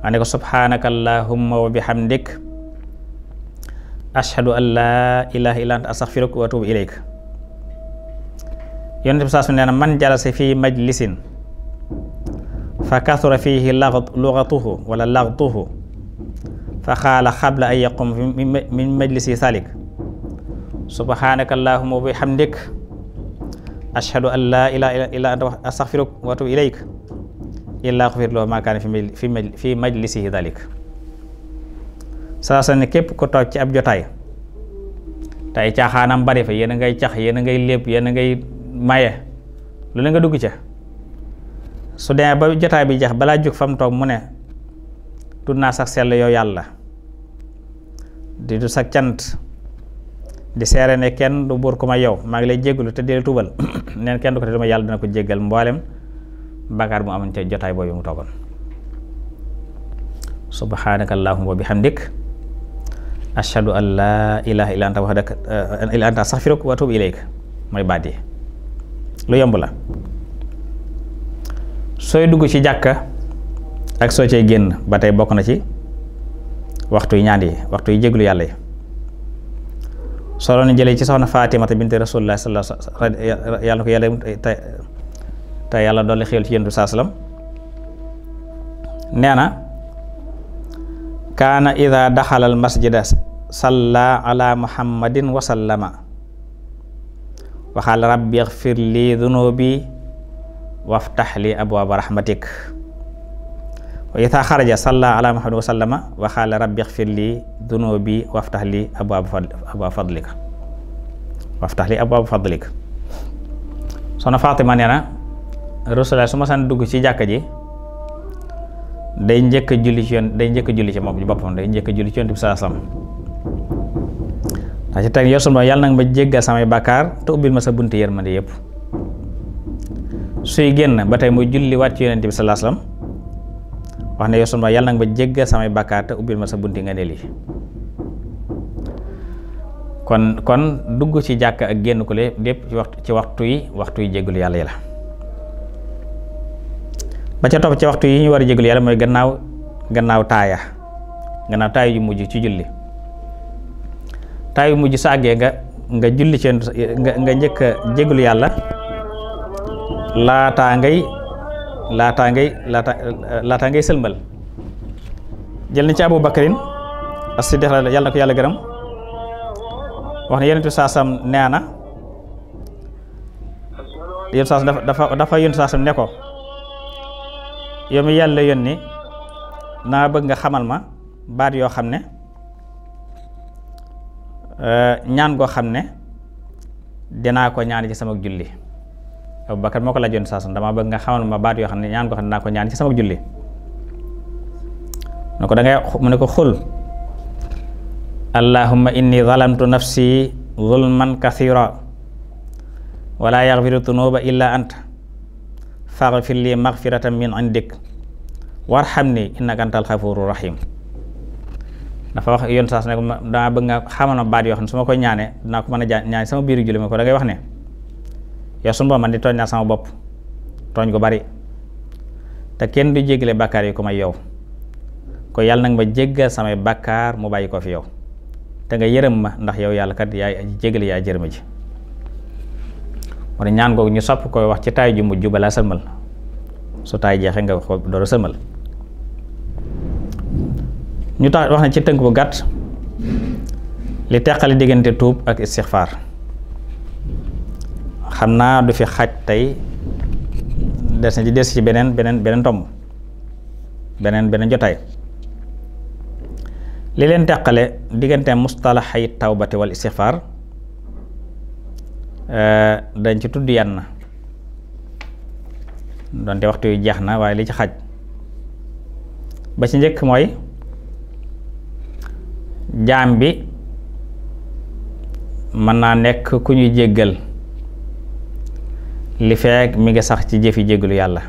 waa ne ko subhaanaka allahumma wa bihamdik ashhadu an laa ilaaha illa anta astaghfiruka wa atuubu ilayk yonent bi saa su nee man jalasa fii majlisin fa kasura fiihi lugatuhu wala lagtuhu fa xaala xabla an yaqum min majlisi salik subhanaka allahuma wa bihamdik ashhadu an laa ilaaha illaa anta astaghfiruka wa atuubu ilayk illaa xufir loo maa kaana fi majlisihi dalik saa sa ne képp ku toog ci ab jotaay tey caaxaanam bari fa yéen a ngay cax yéen a ngay lépp yéen a ngay maye lu la nga dugg ca su demee ba jotaay bi jax balaa jóg fa mu toog mu ne tudd naa sax sell yow yàlla di du sax cant di seere ne kenn du buur ku ma yow maa ngi lay jéggalu te dee la tuubal neen kenn du ko te duma yàlla dina ko jéggal mboolem bakaar bu amoon ca jotaay boobu mu toogoon subhanaka allahumma wa bihamdik ashhadu an laa ilaha illa anta wahdaka eh, illa anta astaghfiruka wa atubu ilayk mooy baat yi lu yomb la sooy dugg ci jàkka ak soo cay génn ba tey bokk na ci waxtu yi ñaan yi waxtu jéglu yàlla yi solo na jëlee ci soxna Fatimata binti rasulullah sallallahu yàlla ko yàlla te te ci yentu saa salaam nee na kaana ida daxala al masjida salla ala muhammadin wa sallama rabbi ixfir li waftax li abwaaba rahmatik wa ita xaraja salla ala muhammad wa sallama wa xaala rabbi xfir li dunubi waftax li abwaaba fadlika waftax li abwaaba fadlika soxna nee na Rasulullah su ma san dugg ci jàkk ji day njëkk julli ci yon day njëkk julli ci moom ci boppam day njëkk a julli ci yoon bi saa sam ndax ci teg yow sunu yàlla na nga ma jéggal samay bàkkaar te ubbil ma sa bunti yërmande yëpp suy génn ba tey muy julli waat ci yonent bi sallallahu alayhi wax ne yow sunu yàlla nag ma jéggal samay bàkkaar te ubbil ma sa bunti nga ne lii kon kon dugg ci jàkk ak génn ko lépp ci waxtu ci waxtu yi waxtu yi jégalu yàlla yi la ba ca topp ci waxtu yi ñu war a jégalu yàlla mooy gannaaw gannaaw taaya gannaaw taaya yu mujj ci julli taaya yu mujj su àggee nga nga julli ci nga nga njëkk a jégalu yàlla laata ngay laataa ngay laata ngay sëlmal jël nañ ci Abu Bakarin as-Siddiq yàlla na ko yàlla gërëm wax ne yenentu saasam nee na yén saas dafa dafa yén saasam ne ko yow mi yàlla yónni naa bëgg nga xamal ma baat yoo xam ne euh, ñaan goo xam ne dinaa ko ñaan ci sama julli Abubakar moo ko jon saa damaa bëgg nga xamal ma baat yoo xam ne ñaan ko xam ne naa ko ko dangay mu ne ko xul allahumma inni zalamtu nafsi zulman kathira wala yaxfiru dunuba illa anta faghfir li maghfiratan min indik warhamni innaka antal ghafurur dafa wax yoon saas damaa bëgg nga xamal ma baat yoo xam ne su ma koy ñaanee dinaa ko mën a ñaan sama biiru julli ma ko da wax ne yow sunu borom man di tooñ naa sama bopp tooñ ko bari te kenn du jéggale bàkkaar yi ko may yow ko yàlla nag ma jéggal samay bàkkaar mu bàyyi ko fi yow te nga yërëm ma ndax yow yàlla kat yaay jéggale yaa jërëma ji mu ñaan googu ñu sopp koy wax ci taay ju mujj balaa sëlmal su taay jeexee nga ko door a sëlmal ñu tax wax na ci tënk bu gàtt li teqali diggante tuub ak istixfaar xam naa du fi xaj tey des na ci des ci beneen beneen beneen tomb beneen beneen jotaay li leen teqale diggante mustalaxay tawbati wal istixfaar eh, dañ ci tudd yan na donte waxtu yu jeex na waaye li ci xaj ba ci njëkk mooy jaam bi mën naa nekk ku ñuy jéggal li feek mi ngi sax ci jëfi jégalu yàlla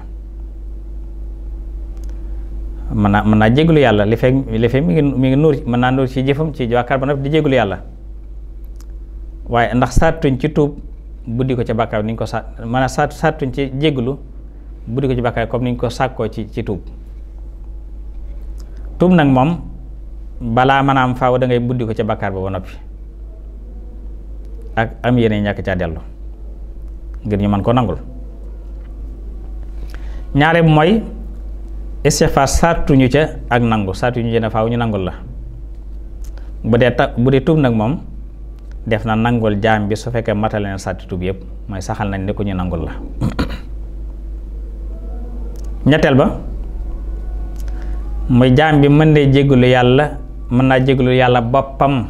mën naa mën naa jégalu yàlla li feek li feek ngi nuur mën naa nuur ci jëfam ci bàkkaar ba noppi di jégalu yàlla waaye ndax saatuñ ci tuub buddi ko ci bàkkaar niñ ko sa a saat saatuñ ci jégalu buddi ko ci bàkkaar comme niñ ko sàkkoo ci ci tuub tuub nag moom balaa maanaam faaw da ngay buddi ko ca bàkkaar bi ba noppi ak am yéene ñàkk caa dellu ngir ñu mën koo nangul ñaare bu mooy istixfaar sartuñu ca ak nangu sartuñu ca ne faaw ñu nangul la bu dee ta bu dee tuub nag moom def na nangul jaam bi su fekkee matale na sarti tuub yëpp mooy saxal nañ ne ko ñu nangul la ñetteel ba mooy jaam bi mën na jégalu yàlla mën naa jégalu yàlla boppam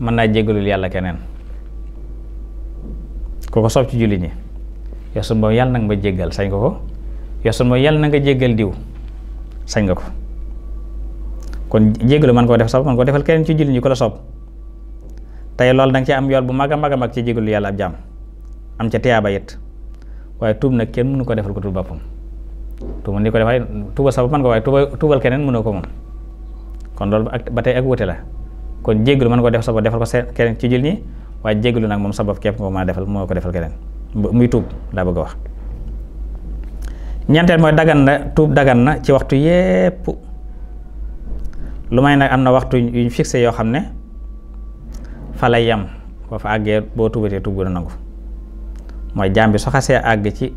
mën naa jégalu yàlla keneen ku ko soob ci jullit ñi yow sunu borom yàlla na nga ma jéggal sañ nga ko yow sunu borom yàlla na nga jéggal diw sañ nga ko kon jéggalu man koo def soob man defal keneen ci jullit ñi ku la soob tey loolu da nga ci am yool bu mag a mag a mag ci jéggalu yàlla ab jaam am ca tiyaaba waaye tuub nag kenn mënu ko defal ko tuub boppam tuub ni ko def waaye tuubal sa bopp mën ko waaye tuubal keneen mënoo ko moom kon loolu ak ba tey ak wute la kon jéggalu mën koo def sa bopp defal ko keneen ci jullit ñi waaye jégalu nag moom sabab képp nga ko mën defal moo ko defal keneen muy tuub daa bëgg a wax ñeenteel mooy dagan na tuub dagan na ci waxtu yépp lu may nag am na waxtu yuñ fixé yoo xam ne fa lay yam boo fa àggee boo tuubatee tuub gën a nangu mooy jaam bi su àgg ci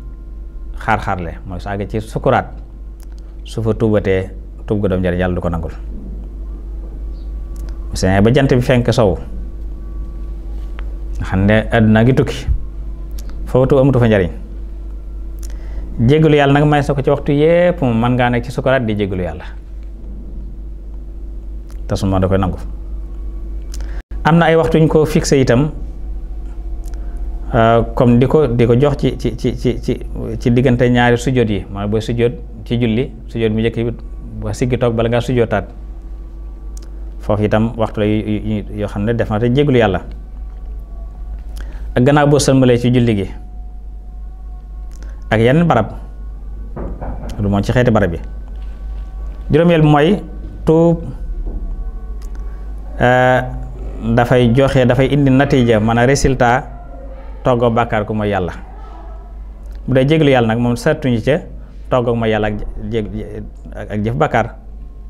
xaar-xaarle mooy su àgg ci sukuraat su fa tuubatee tuub ga doom njëriñ yàlla du ko nangul ba jant bi fenk sow xam ne àdduna gi tukki foofu amatu fa njariñ jéggalu yàlla nag may sa ko ci waxtu yépp moom mën ngaa nekk ci sukuraat di jéggalu yàlla te su da koy nangu am na ay waxtuñ ñu ko fixé itam euh, comme di ko di ko jox ci ci ci ci ci ci diggante ñaari sujjóot yi mooy booy sujjóot ci julli sujjóot mu njëkk yi ba siggi toog bala ngaa sujjóotaat foofu itam waxtu la yoo xam ne def na te jéggalu yàlla ak gannaaw boo sëlmalee ci julli gi ak yenn barab lu moom ci xeeti barab yi juróomeel mooy tuub euh, dafay joxe dafay indi natiija a résultat togg bàkkaar ku mooy yàlla bu dee jéglu yàlla nag moom sartuñu ca togg mooy yàlla ak jég ak jëf bàkkaar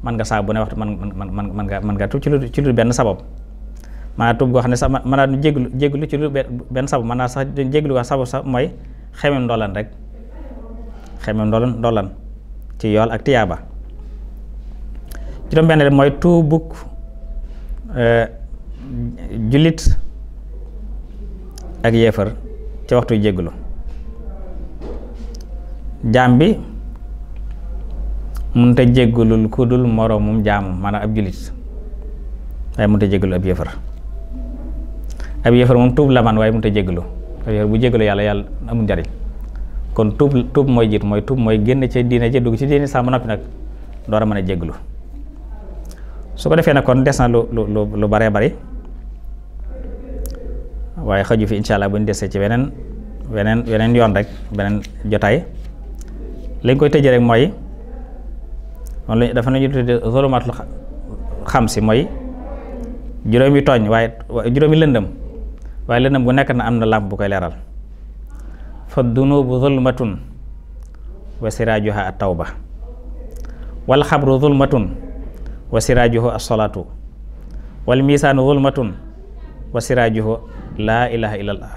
mën nga saa bu ne waxtu mën mën nga mën ci lu ci benn sabab maanaam tub goo xam ne sax mën naa jéglu jéglu ci lu benn sabu mën naa sax jéglu wax mooy xemem ndolan rek xemem ndolan ndolan ci yool ak tiyaaba juróom-benn mooy tuubug eh, jullit ak yéefar ci waxtu jéglu jaam bi mënta jéglul ku dul moroomum jaamum maanaam ab jullit waaye mënta jéglul ab yéefar ab yéefar moom tuub la man waaye mënut a jégalu yéefar bu jégalu yàlla yàlla amul njariñ kon tuub tuub mooy jiit mooy tuub mooy génn ci diine ji dugg ci diine saa ba mën a jégalu su ko defee nag kon des baree bari waaye xëju fi incha allah desee ci beneen beneen beneen yoon rek beneen jotaay lañ koy tëjee rek mooy loolu dafa nañu tudde si mooy juróomi tooñ waaye juróomi lëndëm. waaye lëndëm bu nekk na am na làmp bu koy leeral fa dunubu zulmatun wa siraajuha at wal xabru zulmatun wa siraajuhu as wal miisaanu zulmatun wa siraajuhu laa ilaha illallah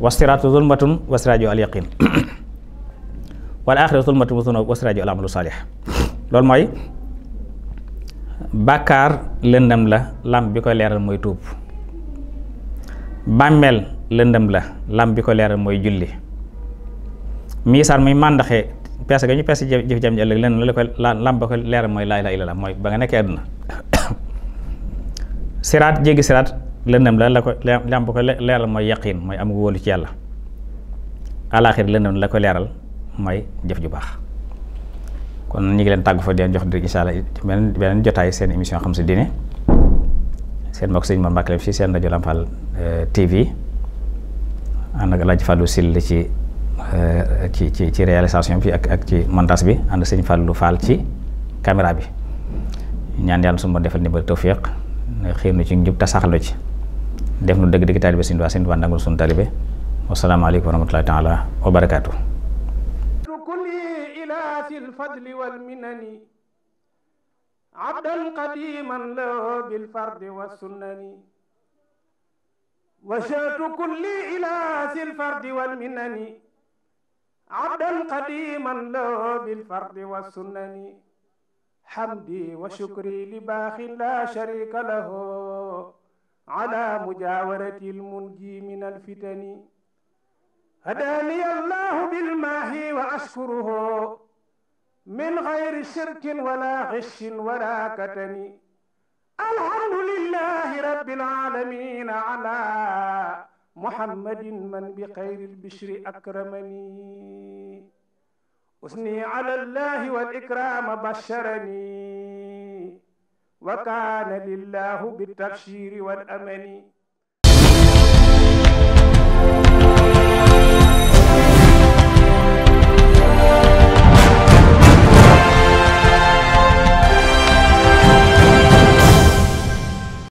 wa siraatu zulmatun mooy bàkkaar lëndam la làmp bi koy leeral mooy tuub bàmmeel lëndëm la lam bi ko leeral mooy julli miisaan muy màndaxe peese ga ñu peese jëf jam ji ëllëg lenn mooy laa mooy ba nga nekkee àdduna siraat jéggi siraat lëndëm la la ko lam ba ko leeral mooy yaqiin mooy am wóolu ci yàlla alaaxir lëndëm la ko leeral mooy jëf ju baax kon ñu ngi leen tàggu fa di leen jox di incha allah beneen beneen jotaay seen émission xam sa diine seen mbokk sëñ Mor Mbacke ci seen rajo Lamp Fall eh, TV ànd ak Laaj Fallou Sill eh, ci ci réalisation bi ak ak ci montage bi ànd sëñ Fallou Fall ci caméra bi ñaan yàlla sunu ma defal ni ba tawfiq xiir ci njub te ci def nu dëgg dëgg taalibe sëñ Tuubaa sëñ Tuubaa nangul sunu taalibe wassalaamu aleykum wa rahmatullahi taala abdan qadiman lahu bil fardi wa sunnani washatu kulli ilaasil fardi wal minnani abdan qadiman lahu bil fardi wa sunnani hamdi wa shukri li baaxin la sharika lahu ala mujaawarati al munji min al fitani hadaani allahu bil maahi wa ashkuruhu min xayri shirkin wala xishin wala katani alhamdulillahi rabbil alamin ala muhammadin man bi xayri lbishri akramani usni ala llahi wal ikrama basharani wa kaana lillahu bitabshiri wal amani